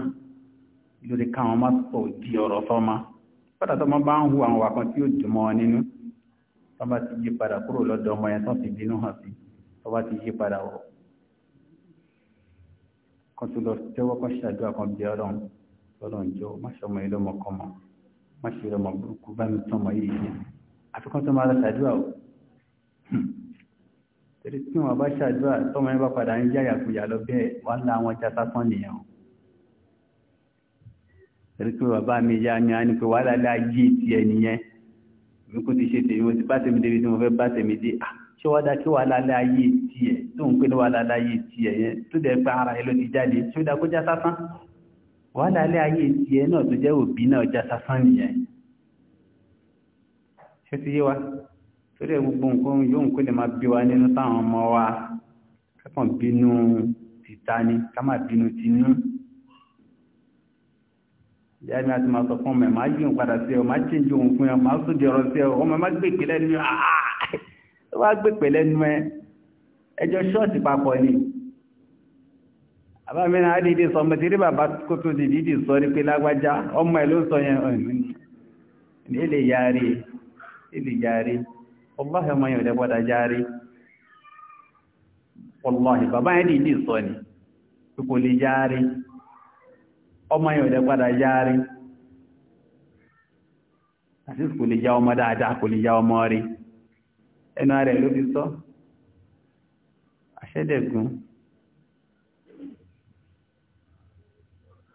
lórí káwọn má sọ di ọ̀rọ̀ fọ́mọ padà tó máa bá ń hu àwọn wà kan tí yóò dùn mọ́ ọ nínú tó bá ti yí padà kúrò lọ́dọ̀ ọmọ yẹn tó ti bínú hàn sí tó bá ti yí padà wọ̀ kan tó lọ tẹ́wọ́ kan ṣàdúrà kan bí ọlọ́run lọ́lọ́run jọ má ṣe ọmọ yìí lọ́mọ kọ́ mọ́ má ṣe ọmọ burúkú bá mi tán ọmọ yìí yẹn àfikún tó máa lọ ṣàdúrà o torí tí wọ́n bá ṣàdúrà tọ́mọ yẹn bá padà ń yáyà kúyà lọ bẹ́ẹ̀ wọ́n lá wọn já sásán nìyẹn o torí pé bàbá mi yá mi á ní pé wàhálà lé ayé tiẹ̀ nìyẹn mi kò ti ṣe tèmi mo ti bá tèmi débi tí mo fẹ́ bá tèmi dé à ṣé wàá dá kí wàhálà lé ayé tiẹ̀ tó ń pè ní wàhálà lé ayé tiẹ̀ yẹn tó dẹ̀ gba ara ẹ ló ti jáde ṣé ó dá kó já sásán wàhálà lé ayé tiẹ̀ náà tó jẹ́ òbí náà já sásán nìyẹn ṣé ti yé wa torí ẹ gbogbo nǹkan yóò ń kó lè máa bí wa nínú táwọn ọmọ wa kákan bínú tìta ni ká má bínú tinú ìyá mi àti màá sọ fún ọmọ ẹ máa yí òun padà sí ẹ máa chíǹjì òun fún ẹ máa sóde ọ̀rọ̀ sí ẹ ọmọ ẹ má gbé ìpè lẹ́nu ẹ wá gbé ìpè lẹ́nu ẹ ẹjọ ṣọ́ọ̀tì papọ̀ ni àbámẹ́rin àdìdì sọ ọmọ tírí bàbá kó tó di dìdì sọ ní pé lágbájá ọmọ ẹ ló sọ yẹn ọ̀nà ní ilé yàrí ilé yàrí ọlọ́hẹ̀ ọmọ yẹn ò lẹ́gbọ́dá járe ọlọ́hẹ̀ bàbá yẹn dìídì sọ ni kò lè járe ọmọ yẹn ò lẹ́gbọ́dá járe àti kò lè já ọmọ dáadáa kò lè já ọmọ rí ẹnu ara ẹ̀ ló fi sọ àṣẹ́dẹ̀gùn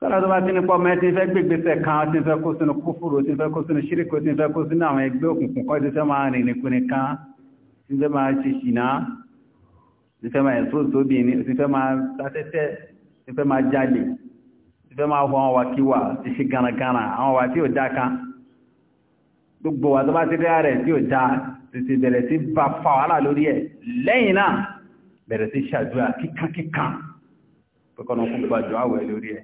tọ́lá tó bá ti ní pọ́ mẹ́ tí fẹ́ gbégbèsẹ̀ kan tí fẹ́ kó sínú kúfúrú tí fẹ́ kó sínú ṣíríkò tí fẹ́ kó sínú àwọn ẹgbẹ́ òkùnkùn kọ́ tí fẹ́ máa rìn ní kúnni kan tí fẹ́ máa ṣe ṣìná tí fẹ́ máa ẹ̀fọ́ sóbì ní tí fẹ́ máa tàtẹ́tẹ́ tí fẹ́ máa jáde tí fẹ́ máa hù àwọn wàkíwà ti ṣe gánagánà àwọn wà tí ò dá kan gbogbo wa tó bá ti rí ààrẹ tí ò dá tètè bẹ̀rẹ̀ sí bá fa wàhálà lórí ẹ̀ lẹ́yìn náà bẹ̀rẹ̀ sí ṣàdúrà kíkankíkan pẹ́kọ̀nà kún gbàjọ́ àwẹ̀ lórí ẹ̀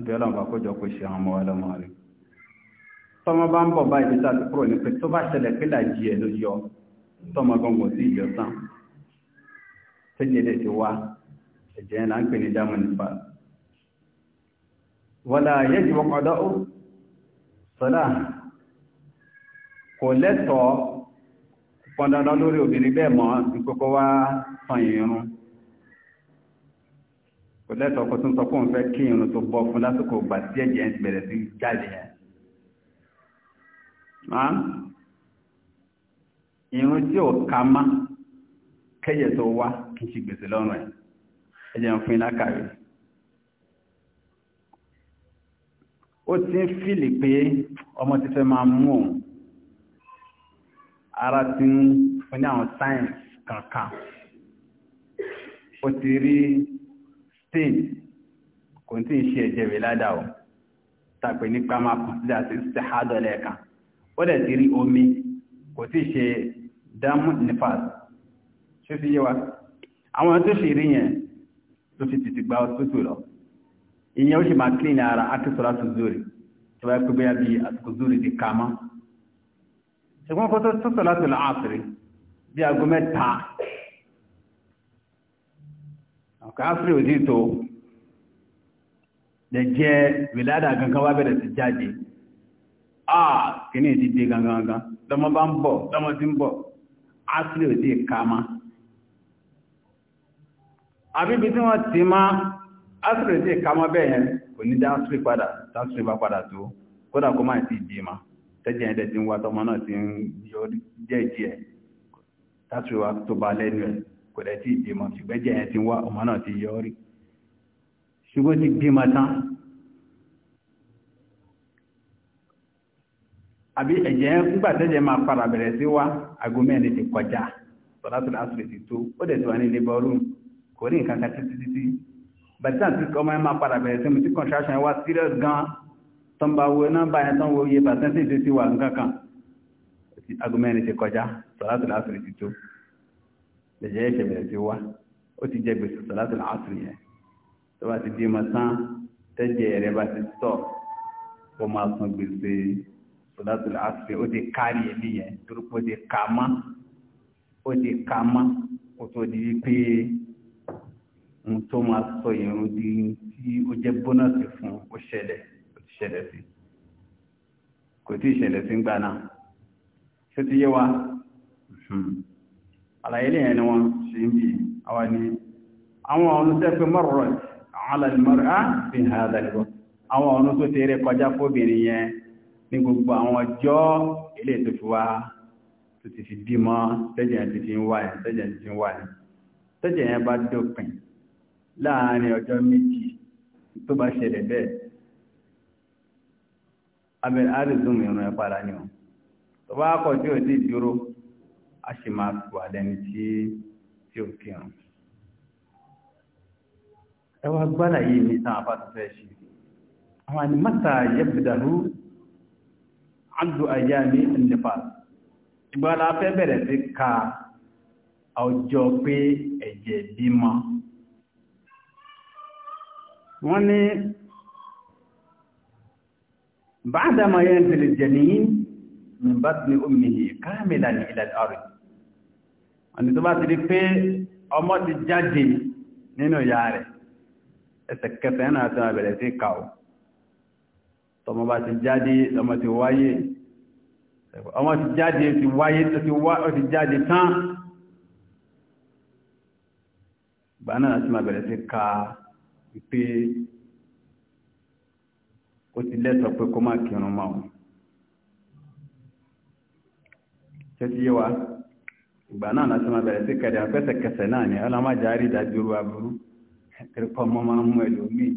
àbí ọlọ́run bá kójọ kó ṣe àwọn ọmọ wa lọ́mọ rẹ̀ tọmọ bá ń bọ̀ bá ibi tá a ti kúrò ní pé tó bá ṣẹlẹ̀ pé làjì ẹ̀ ló yọ tọmọ gbọ̀ngàn sí ìjọsán tẹ́jẹ̀ dẹ̀ ti wá ẹ̀jẹ̀ ńlá ń pè ní dámọ̀ nípa wọ́lá yẹ́jì wọ́kọ̀dọ́ ó sọ́lá kò lẹ́tọ̀ọ́ pọ̀ndọ̀dọ̀ lórí obìnrin bẹ́ẹ̀ mọ́ ìkókó wá sàn ìrún kò lẹ́tọ̀ọ́ kó nfe sọ fún òun fẹ́ kí irun tó bọ́ fún lásìkò ìgbà tí ẹ̀jẹ̀ ń bẹ̀rẹ̀ sí jáde yẹn irun tí ò ká má kẹ́jẹ̀ tó wá kì í ṣe gbèsè lọ́rùn ẹ̀ ẹ̀jẹ̀ ń fún iná ó ti ń fìlì pé ọmọ ti fẹ́ máa mú òun ara ti ń fún ní àwọn sáyẹ̀nsì kankan ó ti rí stage kò tí ń ṣe ẹ̀jẹ̀ rẹ̀ ládàá o tàpé ní pàmà kọ̀nsídà sí ṣèhádọ́ lẹ́ẹ̀kan ó dẹ̀ ti rí omi kò tí ṣe dámù nífàs ṣé fi yé wa àwọn tó ṣe rí yẹn tó fi tètè gba ọtútù lọ ìyẹn ó sì máa clean ara akísọ́lá tó zúrì tó bá pẹ́ bóyá bí àsìkò zúrì ti ka mọ́ ṣùgbọ́n kó tó sọ́sọ́ láti lọ àṣírí bí aago mẹ́ta káfírí ò sí tó lè jẹ́ wìládà gangan wá bẹ̀rẹ̀ sí jáde àà ah, kí ní ti dé gangan lọ́mọ bá ń bọ̀ lọ́mọ tí ń bọ̀ áfírí ò sí kama àbíbi tí wọ́n ti má áfírí ò sí kama bẹ́yẹn kò ní dá áfírí padà táfírí bá padà tó kódà kó máa ti dì má tẹ́jẹ́ ẹ̀dẹ̀ tí ń wá tọmọ náà ti ń yọ jẹ́ ìdí ẹ̀ táfírí tó ba lẹ́nu ẹ̀ kò dẹ̀ tí ìbímọ ṣùgbọ́n jẹ́ yẹn ti wá ọmọ náà ti yọ rí ṣùgbọ́n ti bímọ tán àbí ẹ̀jẹ̀ nígbà tẹ́jẹ̀ máa padà bẹ̀rẹ̀ sí wá aago mẹ́rin ti kọjá sọ̀látọ̀ lásìrè ti tó ó dẹ̀ ti wà ní labour room kò rí nǹkan kan títí títí bàtí àti ọmọ máa padà bẹ̀rẹ̀ sí mu tí contraction wá serious gan tó ń bá wo nọ́mbà yẹn tó ń wo iye percentage ti wà nǹkan kan aago ti kọjá sọ̀látọ̀ ti tó lẹ́jẹ̀ ẹ̀ṣẹ̀ bẹ̀rẹ̀ sí wá ó ti jẹ gbèsè sọ̀láṣì làásù yẹn tó bá ti di mọ tán tẹ́jẹ̀ rẹ̀ bá ti tọ̀ ó máa san gbèsè sọ̀láṣì làásù yẹn ó ti kárí ẹ̀mí yẹn torí pé ó ti kà má ó ti kà má kó tó di pé n tó máa sọ ìrun di tí ó jẹ́ bónọ́sì fún ó ṣẹlẹ̀ ó ti ṣẹlẹ̀ sí kò tí ì ṣẹlẹ̀ sí ń ṣé ti yé wa. Mm-hmm àlàyé lẹ́yìn ni wọ́n ṣe ń bí àwọn ni àwọn ọ̀nà tẹ́ pé mọ́rọ̀ alàlùmọ́rọ̀ fi hàn àdàlùbọ̀ àwọn ọ̀nà tó tẹ́rẹ kọjá fóbìnrin yẹn ní gbogbo àwọn ọjọ́ ilé tó fi wá tó ti fi bímọ tẹ́jẹ̀ ti fi ń wá ẹ̀ tẹ́jẹ̀ ti fi ń wá a ṣe máa wà lẹ́ni tí tí ó kírun ẹ wá gbára yìí ní sáà bá ti fẹ́ ṣe àwọn ni mata yabdahu abdu ayami nifas ìgbàlá fẹ́ bẹ̀rẹ̀ sí ka ọjọ́ pé ẹ̀jẹ̀ bímọ wọ́n ní ba'da ma yanzil al-janin min batni ummihi kamilan ila al-ard ọ̀nà tó bá ti di pé ọmọ ti jáde nínú ìyá rẹ̀ ẹsẹ̀kẹsẹ̀ náà tó wà bẹ̀rẹ̀ sí kàó tọmọ bá ti jáde tọmọ ti wáyé ọmọ ti jáde ti wáyé tó ti jáde tán gbà náà tó wà bẹ̀rẹ̀ sí ka pé ó ti lẹ́tọ̀ pé kó má kírun máa ṣe yé wa ìgbà náà láti máa bẹ̀rẹ̀ sí kẹrì àpẹsẹ̀kẹsẹ̀ náà ni ọlọ́májà rí ìdájúrú aburú kẹrìpọ̀ mọ́ máa mú ẹlòmíì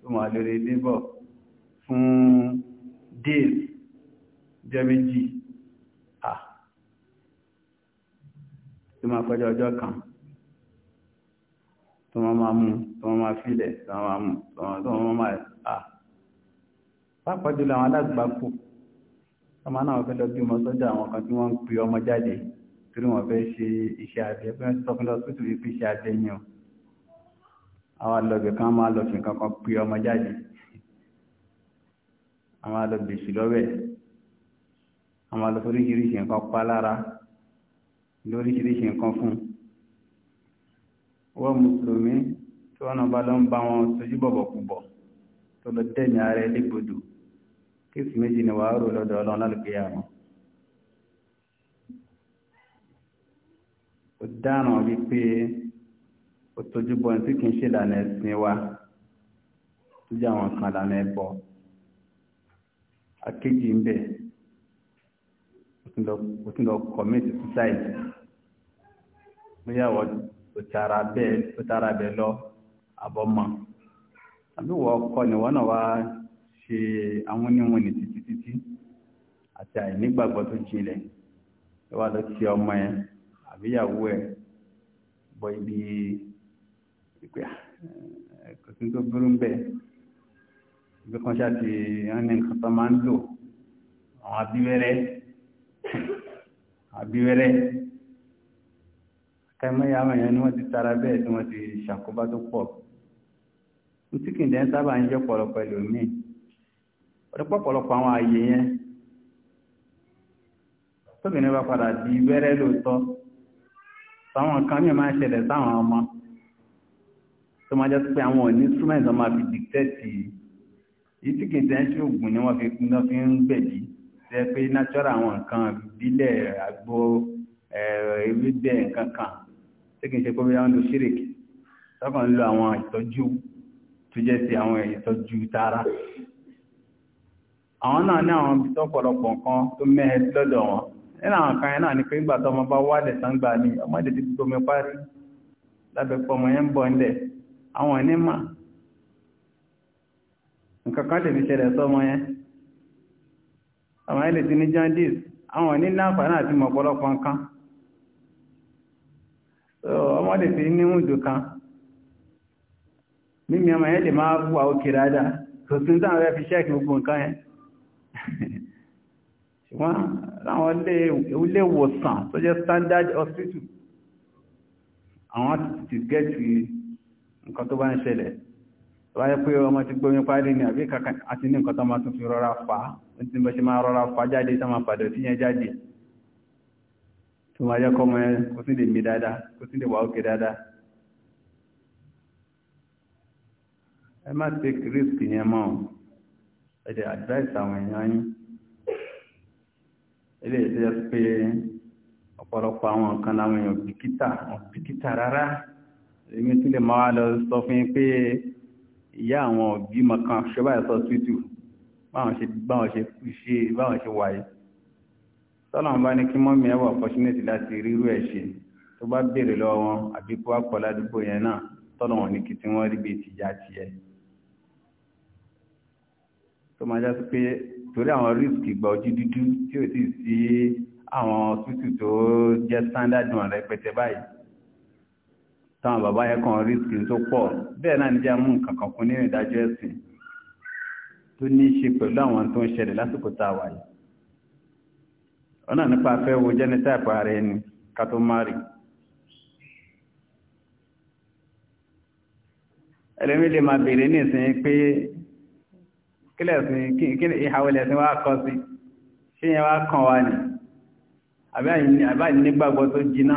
tó máa lórí labour fún days jẹ́ méjì tó máa kọjá ọjọ́ kan tó máa máa mú tó máa máa filẹ̀ tó máa mú tó máa máa à pápá jùlọ alágbàkù ọmọ náà fẹ́ lọ bí ọmọ sọ́jà àwọn kan tí wọ́n ń pè ọmọ jáde torí wọ́n fẹ́ ṣe iṣẹ́ abẹ pé sọ́kúnlọ́ tó ti fi iṣẹ́ abẹ yẹn o àwọn alọ́bẹ̀ kan máa lọ fi nǹkan kan pé ọmọ jáde àwọn alọ́bẹ̀ sí lọ́wẹ̀ àwọn alọ́bẹ̀ oríṣiríṣi nǹkan pa lára lóríṣiríṣi nǹkan fún wọ́n mùsùlùmí tí wọ́n náà bá lọ ń bá wọn sojú bọ̀bọ̀ kú bọ̀ tó lọ dẹ́ni ara ẹ kí sì ni wàá rò lọ́dọ̀ ọlọ́run lálùkẹ́yà wọn. ó dáràn wípé ó tójú bọ tí kì í ṣe ìlànà ẹ̀sìn wa tó jẹ́ àwọn kan ìlànà ẹ̀bọ akéjì ń bẹ ó tún lọ commit suicide bóyá wọ́n òtara bẹ́ẹ̀ òtara lọ àbọ̀mọ́ àbí wọ́n kọ́ ni wọ́n náà wá ṣe àwọn oníwọ̀n títí títí àti àìnígbàgbọ́ tó jinlẹ̀ lọ́wọ́ ló ti ọmọ yẹn àbíyàwó ẹ̀ bọ ibi ìpè eh, kòtún tó burú ń bẹ̀ ibi kan ṣáà ti wọ́n ní nǹkan tó máa ń lò àwọn abíwẹ́rẹ́ àbíwẹ́rẹ́ kẹmọ́yà àwọn èèyàn ni wọ́n ti tara bẹ́ẹ̀ tí wọ́n ti ṣàkóbá tó pọ̀ tí kì í dẹ́ sábà ń jẹ́ pọ̀lọpọ̀ ẹlòmíì ọ̀dọ́pọ̀ pọ̀lọpọ̀ àwọn ààyè yẹn tóbìnrin bá padà di wẹ́rẹ́ lóòótọ́ sáwọn kan ní ọmọ ìṣẹ̀lẹ̀ sáwọn ọmọ tó máa jẹ́ pé àwọn instrument ọmọ fi dictate yìí tí kìí tẹ́ńṣì ògùn ni wọ́n fi ń gbẹ̀dí tẹ́ pé natural àwọn nǹkan bílẹ̀ àgbo ewébẹ̀ nǹkan kan tí kìí ṣe pé bí wọ́n lo ṣírìkì sọ́kàn ń lo àwọn ìtọ́jú tó jẹ́ ti àwọn ìtọ́jú tara àwọn náà ní àwọn ibi tó pọ̀lọpọ̀ nǹkan tó mẹ́hẹ́ lọ́dọ̀ wọn nínú àwọn kan náà ni pé ìgbà tó ọmọ bá wálẹ̀ sáńgbà ní ọmọdé ti ti gbomi parí lábẹ́pọ̀ ọmọ yẹn ń bọ̀ ńlẹ̀ àwọn ẹni mà nǹkan kan lè fi ṣẹlẹ̀ sọmọ yẹn ọmọ yẹn lè ti ní jaundice àwọn ẹni láǹfààní àti mọ̀ ọ̀pọ̀lọpọ̀ nǹkan ọmọdé ti ní ìwùdù kan mímí ọmọ yẹn lè máa wà òkè dáadáa kò sí ní táwọn ẹ fi ṣẹ́ẹ̀kì gbogbo nǹkan yẹn fún àwọn ilé ìwòsàn tó jẹ́ standard hospital àwọn ti gẹ́ẹ̀tì nǹkan tó bá ń ṣẹlẹ̀ wáyé pé ọmọ ti gbómi parí ní àbí kankan àti ní nǹkan tó máa tún fi rọra fà á tí bọ́ ṣe máa rọra fà jáde tó máa fàdọ̀ tí jáde tó máa jẹ́ kọ́ ẹ kó sí lè mi dáadáa kó lè wà dáadáa ẹ má take risk yẹn mọ́ advice àwọn èèyàn ilé ìṣẹ́ pé ọ̀pọ̀lọpọ̀ àwọn nǹkan láwọn èèyàn bìkítà wọn bìkítà rárá èmi tún lè máa lọ sọ fún yín pé ìyá àwọn òbí mọ̀kan ṣọ́bà ẹ̀sọ́ tútù báwọn ṣe báwọn ṣe ṣe báwọn ṣe wáyé tọ́lọ̀ ń bá ní kí mọ́mí ẹwà opportunity láti rírú ẹ̀ ṣe tó bá béèrè lọ́wọ́ wọn àbí kó wá pọ̀ ládùúgbò yẹn náà tọ́lọ̀ wọn ní kí tí wọ́n rí bíi tìjà tiẹ̀ tó máa já pé torí àwọn risk ìgbà ojú dúdú tí ò sì sí àwọn tútù tó jẹ́ standard wọn rẹpẹtẹ báyìí táwọn bàbá yẹn kan risk tó pọ̀ bẹ́ẹ̀ náà ní jẹ́ mú nǹkan kan kún nínú ìdájọ́ ẹ̀sìn tó ní í ṣe pẹ̀lú àwọn tó ń ṣẹlẹ̀ lásìkò tá a wà yìí ọ̀nà nípa fẹ́ wo genotype ara ẹni ká tó má rí ẹlẹ́mí lè máa béèrè ní ìsinyìí pé kílẹ̀ sí ìhàwẹ̀lẹ̀ sí wá kọ́ sí ṣe yẹn wá kàn wá ní àbáyìn nígbàgbọ́ tó jiná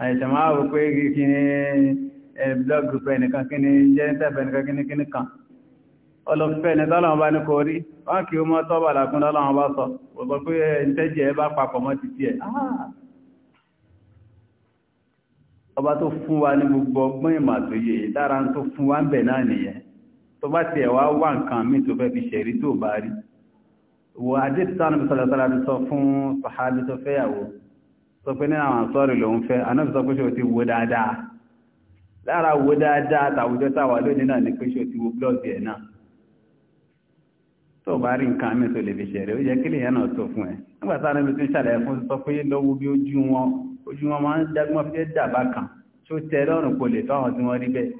àìṣẹ̀ blog group ẹnìkan kí ní jẹ́nitẹ́bẹ̀ ẹnìkan kí ní kí ní kan ọlọ́fẹ́ ní tọ́lọ́wọ́n bá ní kò rí wọ́n kí ó mọ́ tọ́bà lákún lọ́lọ́wọ́n bá sọ ọ̀sọ̀ pé ìtẹ́jì ẹ bá papọ̀ mọ́ ti tiẹ̀ ah! ọba tó fún wa ní gbogbo ọgbọ́n ìmọ̀ àtòyè dára tó fún wa ń bẹ̀ náà nìyẹn tó bá tiẹ̀ wá wá nǹkan mi tó fẹ́ fi ṣẹ̀rí tó bá rí wo adétítà náà sọ̀rọ̀ sọ̀rọ̀ ti sọ fún sàhábí tó fẹ́yàwó sọ pé nínú àwọn àṣọ́rì lòun fẹ́ anábì sọ ti wo dáadáa lára wo dáadáa tàwùjọ táwà lónìí náà ni pé ṣe ò ti wo blọ́ọ̀gì ẹ̀ náà tó bá rí nǹkan mi tó lè fi ṣẹ̀rí ó yẹ kí lèyàn náà tó fún ẹ nígbà táwọn ẹni tó ń ṣàlàyé fún sọ pé lọ́wọ́ bí ojú wọn ojú wọn máa ń jágbọ́n fi dàbá kan tó tẹ lọ́rùn kò lè fáwọn tí wọ́n rí bẹ́ẹ̀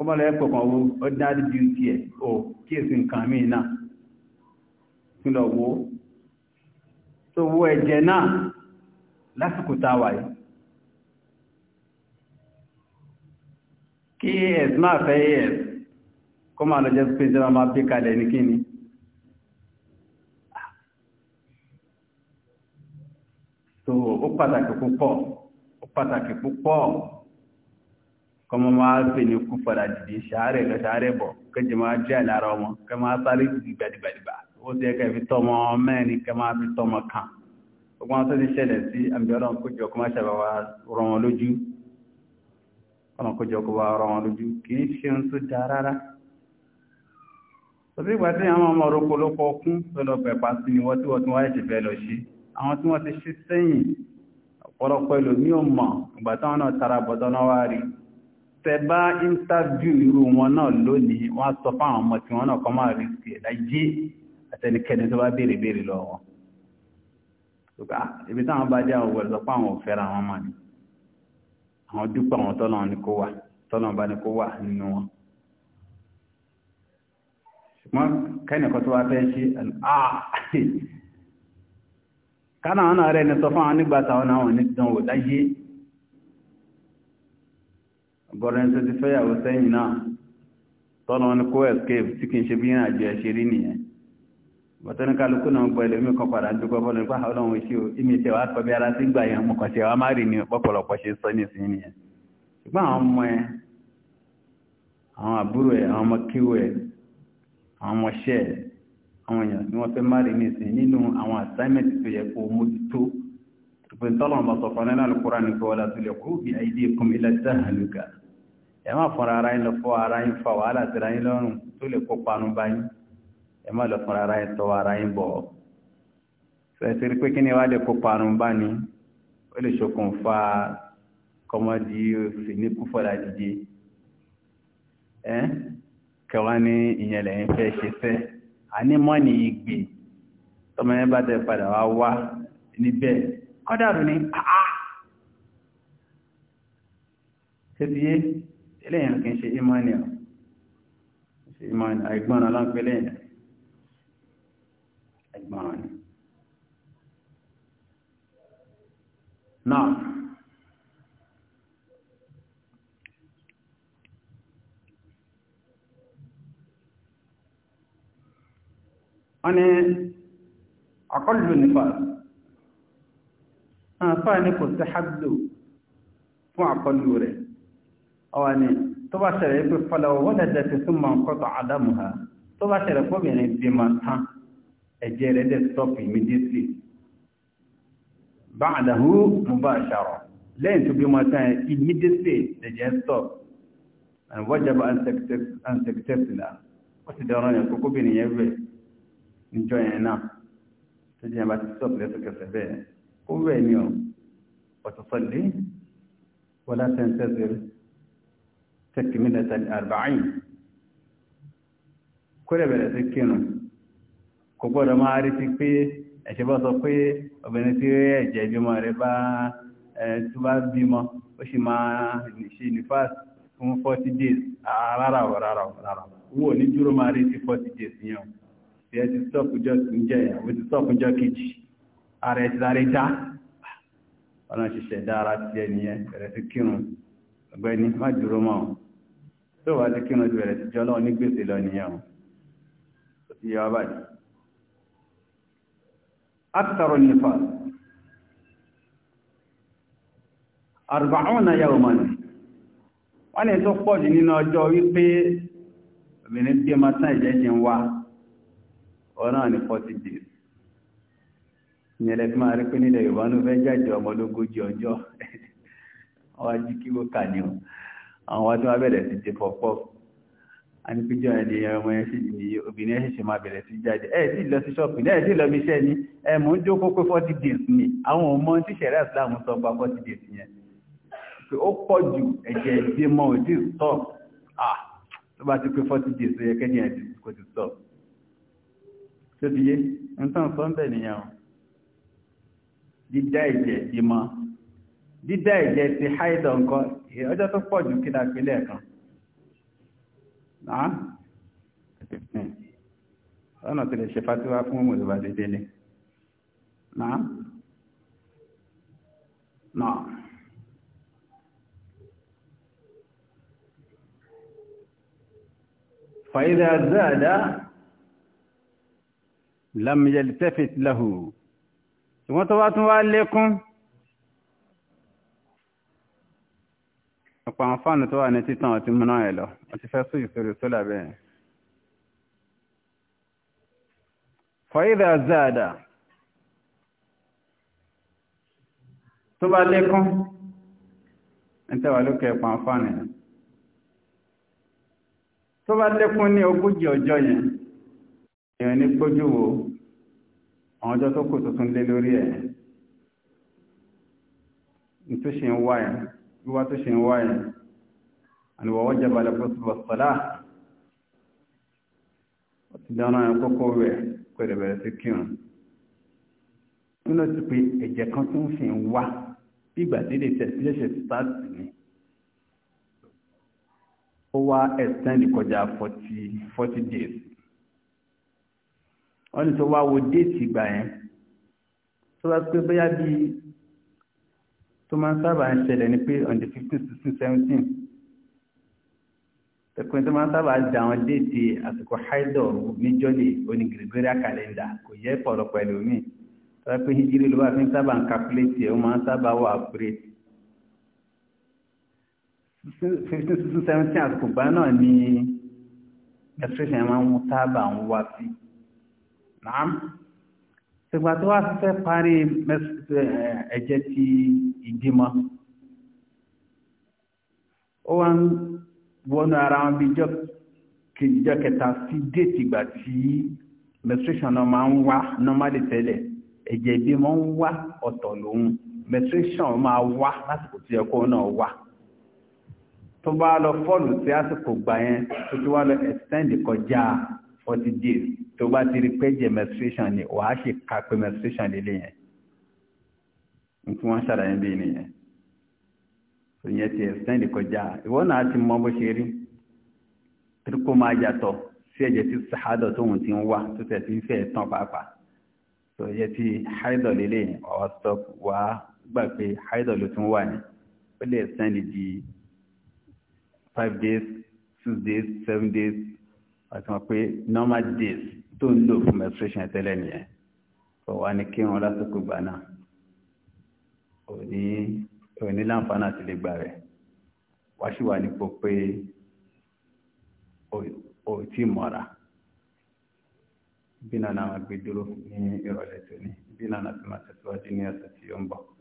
kó mọ́ lọ́yẹ́ pọ̀kan owó ordinary duty ẹ̀ o kíyèsí nǹkan míì náà tún lọ wo tó wo ẹ̀jẹ̀ náà lásìkò tá a wà yìí kí as máa fẹ́ as kó máa lọ jẹ́ pé ìjọba máa bí kalẹ̀ ní kíni tó ó pàtàkì púpọ̀ ó pàtàkì púpọ̀ kọmọ máa pè ní kú padà dìde ṣàárẹ̀ lọ ṣàárẹ̀ bọ̀ kẹjẹ máa jẹ́ àlára ọmọ kẹ máa sáré gbàdìgbàdìgbà ó ti ẹkẹ fi tọmọ mẹ́rin kẹ máa fi tọmọ kan gbogbo àwọn tó ti ṣẹlẹ̀ sí àmì ọlọ́run kójọ kó má ṣàbàwà rọ wọn lójú ọlọ́run kójọ kó wá rọ wọn lójú kì í ṣe ohun tó rárá òbí ìgbà tí àwọn ọmọ orúkọ olóko ọkún tó lọ pẹ̀pá sí ni wọ́n tí wọ́n tí wọ́n ṣe fẹ́ lọ ṣe àwọn tí wọ́n tara bọ̀tọ́ náà tẹ̀bá interview irú wọn náà lónìí wọ́n sọ fáwọn ọmọ tí wọ́n náà kọ́ máa risk ẹ̀ láyé àtẹnikẹ́ni tó bá béèrè béèrè lọ wọn ah, ibi táwọn bá dé àwọn ọ̀gbẹ̀rẹ̀ sọ pé àwọn òfẹ́ra wọn mà ní àwọn dúpọ̀ àwọn tọ́lọ̀ ní kó wà tọ́lọ̀ bá ní kó wà nínú wọn ṣùgbọ́n kẹ́nìkan tó wá fẹ́ ṣe ah, kánáà náà rẹ̀ ní sọ fáwọn nígbà táwọn náà wọ́n ní gọ́ọ̀rẹ́ tó ti fẹ́yàwó sẹ́yìn náà tọ́nà wọn ni kó escape tí kì í ṣe bí ìrìn àjò ẹ̀ṣẹ̀ rí nìyẹn bọ̀tẹ́ni kálukú náà gbọ́ ilé mi kan padà ń dúpẹ́ fọ́lọ́ nípa àwọn ohun iṣẹ́ ìmì tẹ̀ wá sọ bí ara sí gbà yẹn mo kàn ṣe wá má rì ní pọ̀pọ̀lọpọ̀ ṣe sọ ní ìsìn nìyẹn ṣùgbọ́n àwọn ọmọ ẹ àwọn àbúrò ẹ àwọn ọmọ kíwò ẹ àwọn ọmọṣẹ́ ẹ àwọn èèyàn tí wọ́n fẹ́ má rì ní ìsìn nínú àwọn assignment tó yẹ kó mójútó pẹ̀ntọ́nà ọmọ sọ̀kan nínú alùkúrà ní pé wọ́lá tó lè kú bí àìdí ikùn ilẹ̀ tẹ́hàlùkà ẹ má fọ́nra ara yín lọ fọ́ ara yín fa wàhálà síra yín lọ́rùn tó lè kó panu bá yín ẹ má lọ fọ́nra ara yín tọ́ ara yín bọ̀ ṣẹ̀ṣẹ̀ rí pé kí ni wàá lè kó panu bá ní ó lè ṣokùnfà kọ́mọ́dì fìníkù fọ́lá jíjẹ ẹ kẹwàá ní ìyẹn lẹ́yìn fẹ́ ṣe fẹ́ àní mọ́ni ìgbè tọ́mọ yẹn bá tẹ padà wá wá níbẹ̀ kọ́dàrù ní àá ṣebíyé eléyìn kìí ṣe imani ọ̀ ṣe imani àìgbọ́n aláǹpẹ́lẹ̀ àìgbọ́n ni náà wọ́n ni akọ́lù nípa àfáà ní kò sí hajjò fún àkọlù rẹ̀ ọwà ni tó bá ṣẹlẹ̀ pé fọlọ́wọ́ wọ́n dẹ̀dẹ̀ ti súnmọ́ nǹkọ́tọ̀ àdámù ha tó bá ṣẹlẹ̀ pọ́bìnrin bí ma tán ẹ̀jẹ̀ rẹ̀ dẹ̀ stop immediately báàdàhú mubashara lẹ́yìn tó bí ma tán immediately ẹ̀jẹ̀ stop and wajaba ansekitẹ́sìlá ó sì dẹ̀rọ yẹn kókóbìnrin yẹn bẹ̀ níjọ yẹn náà tó jẹ́ yẹn bá ti stop lẹ́sẹ̀kẹsẹ̀ bẹ́ẹ̀ ó wẹ̀ ni ọ̀ ọ̀tọ̀sọ̀lẹ́ wọlá tẹ́ntẹ́sẹ̀rẹ̀ tẹ́kìmílẹ̀ta àrùbáyìn kó lè bẹ̀rẹ̀ sí kírun kò gbọ́dọ̀ máa rí ti pé ẹ̀ṣẹ̀ bá sọ pé obìnrin tí ẹ̀jẹ̀ ìbímọ rẹ̀ bá tó bá bímọ ó sì máa ṣe nífàs fún 40 days rárá rárá rárá wò ní dúró máa rí ti 40 days yẹn tí ẹ ti sọ́kùjọ́ kìí jẹ́ ìyàwó ti sọ́kùjọ́ kejì ààrẹ ìtìláréjá na ṣiṣẹ́ dára ti ẹniyẹ bẹ̀rẹ̀ sí kírun ọgbẹni má dúró mọ́ tó wà sí kírun bẹ̀rẹ̀ sí jọ lọ́wọ́ ní gbèsè lọ nìyẹn ó ti yọ abáyé akitaro nípa àrùbáwọn náà yà ọmọ ni wọ́n ní tó pọ̀jù nínú ọjọ́ wípé obìnrin bí ọmọ ń wá ìyẹn lẹ́fí máa rí pé nílẹ̀ Yorùbá ló fẹ́ jáde ọmọ ológójì ọjọ́ ọwá jí kí ó kà ní o àwọn wá tí wọ́n bẹ̀rẹ̀ sí ti pọ̀pọ̀ a ní píjọ ẹni ọmọ yẹn sì ní obìnrin ẹ̀ ṣẹ̀ṣẹ̀ máa bẹ̀rẹ̀ sí jáde ẹ̀ sì lọ sí ṣọ́ọ̀pù ẹ̀ sì lọ bí iṣẹ́ ni ẹ̀ mò ń jókòó pé forty days ni àwọn ọmọ tí ṣẹ̀rẹ́ àsìláàmù sọ pa forty days yẹn pé ó pọ̀ ju ẹ̀jẹ̀ ìdí mọ́ ò tí stop ah tó bá ti pé forty days yẹ kẹ́ni ẹ̀ kò ti stop. ṣé ti yé nǹkan sọ́ńbẹ̀ nìyẹn o dídá ẹ̀jẹ̀ ìmọ dídá ẹ̀jẹ̀ ti haidọ nǹkan ọjọ́ tó pọ̀ jù kí lápẹlẹ kan náà ọ̀nà tí lè ṣe fátíwá fún ọmọ ìwà dédé ni فإذا زاد لم يلتفت له ṣùgbọ́n tó bá tún wá lékún ọ̀pọ̀ àwọn fáànù tó wà ní títàn ọtí múná ẹ̀ lọ ọtí fẹ́ sóyù sórí sólà bẹ́ẹ̀. fọ́ìdà záàdà tó bá lékún ń tẹ́wà lókè ẹ̀pọ̀ àwọn fáànù yẹn tó bá lékún ní ogójì ọjọ́ yẹn èèyàn ní gbójú wo àwọn ọjọ́ tó kù tuntun lé lórí ẹ̀ tó ṣe ń wá ẹ̀ wíwá tó ṣe ń wá ẹ̀ àníwọ̀wọ́ jẹbalẹ̀ kó tó sọ́lá ó ti dáná ẹ̀ kókó rẹ̀ kó bẹ̀rẹ̀ sí kírun nínú ti pé ẹ̀jẹ̀ kan tó ń fi ń wá bí ìgbà tí lè tẹ̀sí lẹ́sẹ̀ sáàtì ni ó wá ẹ̀sẹ̀ nìkọjá forty forty days wọ́n ní tó wá wo déètì ìgbà yẹn tó bá pé bóyá bí tó máa ń sábà ń ṣẹlẹ̀ ni pé on the fifteen sixteen seventeen ẹ̀kùn tó máa ń sábà da àwọn déètì àsìkò haidọ̀ níjọ́ ní oní Gregorian calendar kò yẹ pọ̀lọ̀ pẹ̀lú mi tó bá pé hijiri ló bá fi ń sábà ń calculate ẹ̀ ó máa ń sábà wà accurate fifteen sixteen seventeen àsìkò gbà náà ni menstruation máa ń sábà ń wá sí i nàám ṣùgbọ́n tó wá fẹ́ parí ẹ̀jẹ̀ ti ìbímọ ó wá ń wọnú ara wọn bí jọ kejìjọ kẹta sí déètì ìgbà tí menstruation náà máa ń wá normally tẹ́lẹ̀ ẹ̀jẹ̀ ìbímọ ń wá ọ̀tọ̀ lòun menstruation máa wá lásìkò tí ẹ̀kọ́ náà wá tó bá lọ fọ́ọ̀lù sí àsìkò gbà yẹn tó ti wá lọ extend kọjá forty days tó bá ti rí pẹ́jẹ̀ menstruation ni wà á ṣe ká pé menstruation lílé yẹn ní kí wọ́n ṣàlàyé bí nìyẹn tó yẹ ti extend kọjá ìwọ náà ti mọ bó ṣe rí torí kó máa yàtọ̀ sí ẹ̀jẹ̀ tí sàádọ̀ tóun ti ń wá tó tẹ̀ sí fẹ́ tán pàápàá tó yẹ ti haidọ̀ lílé yẹn wà á stop wà á gbà pé haidọ̀ ló tún wà yẹn ó lè extend di five days six days seven days àti wọn pé normal days tó ń lò fún menstruation tẹ́lẹ̀ nìyẹn tó wá ní kí wọn lásìkò gbà náà òní òní láǹfààní àti lè gbà rẹ̀ wá sì wà nípò pé ò tí mọ́ra bí náà náà gbé dúró ní ìrọ̀lẹ́ tòní bí náà náà ti máa tẹ̀síwájú ní ọ̀sẹ̀ tí ó ń bọ̀.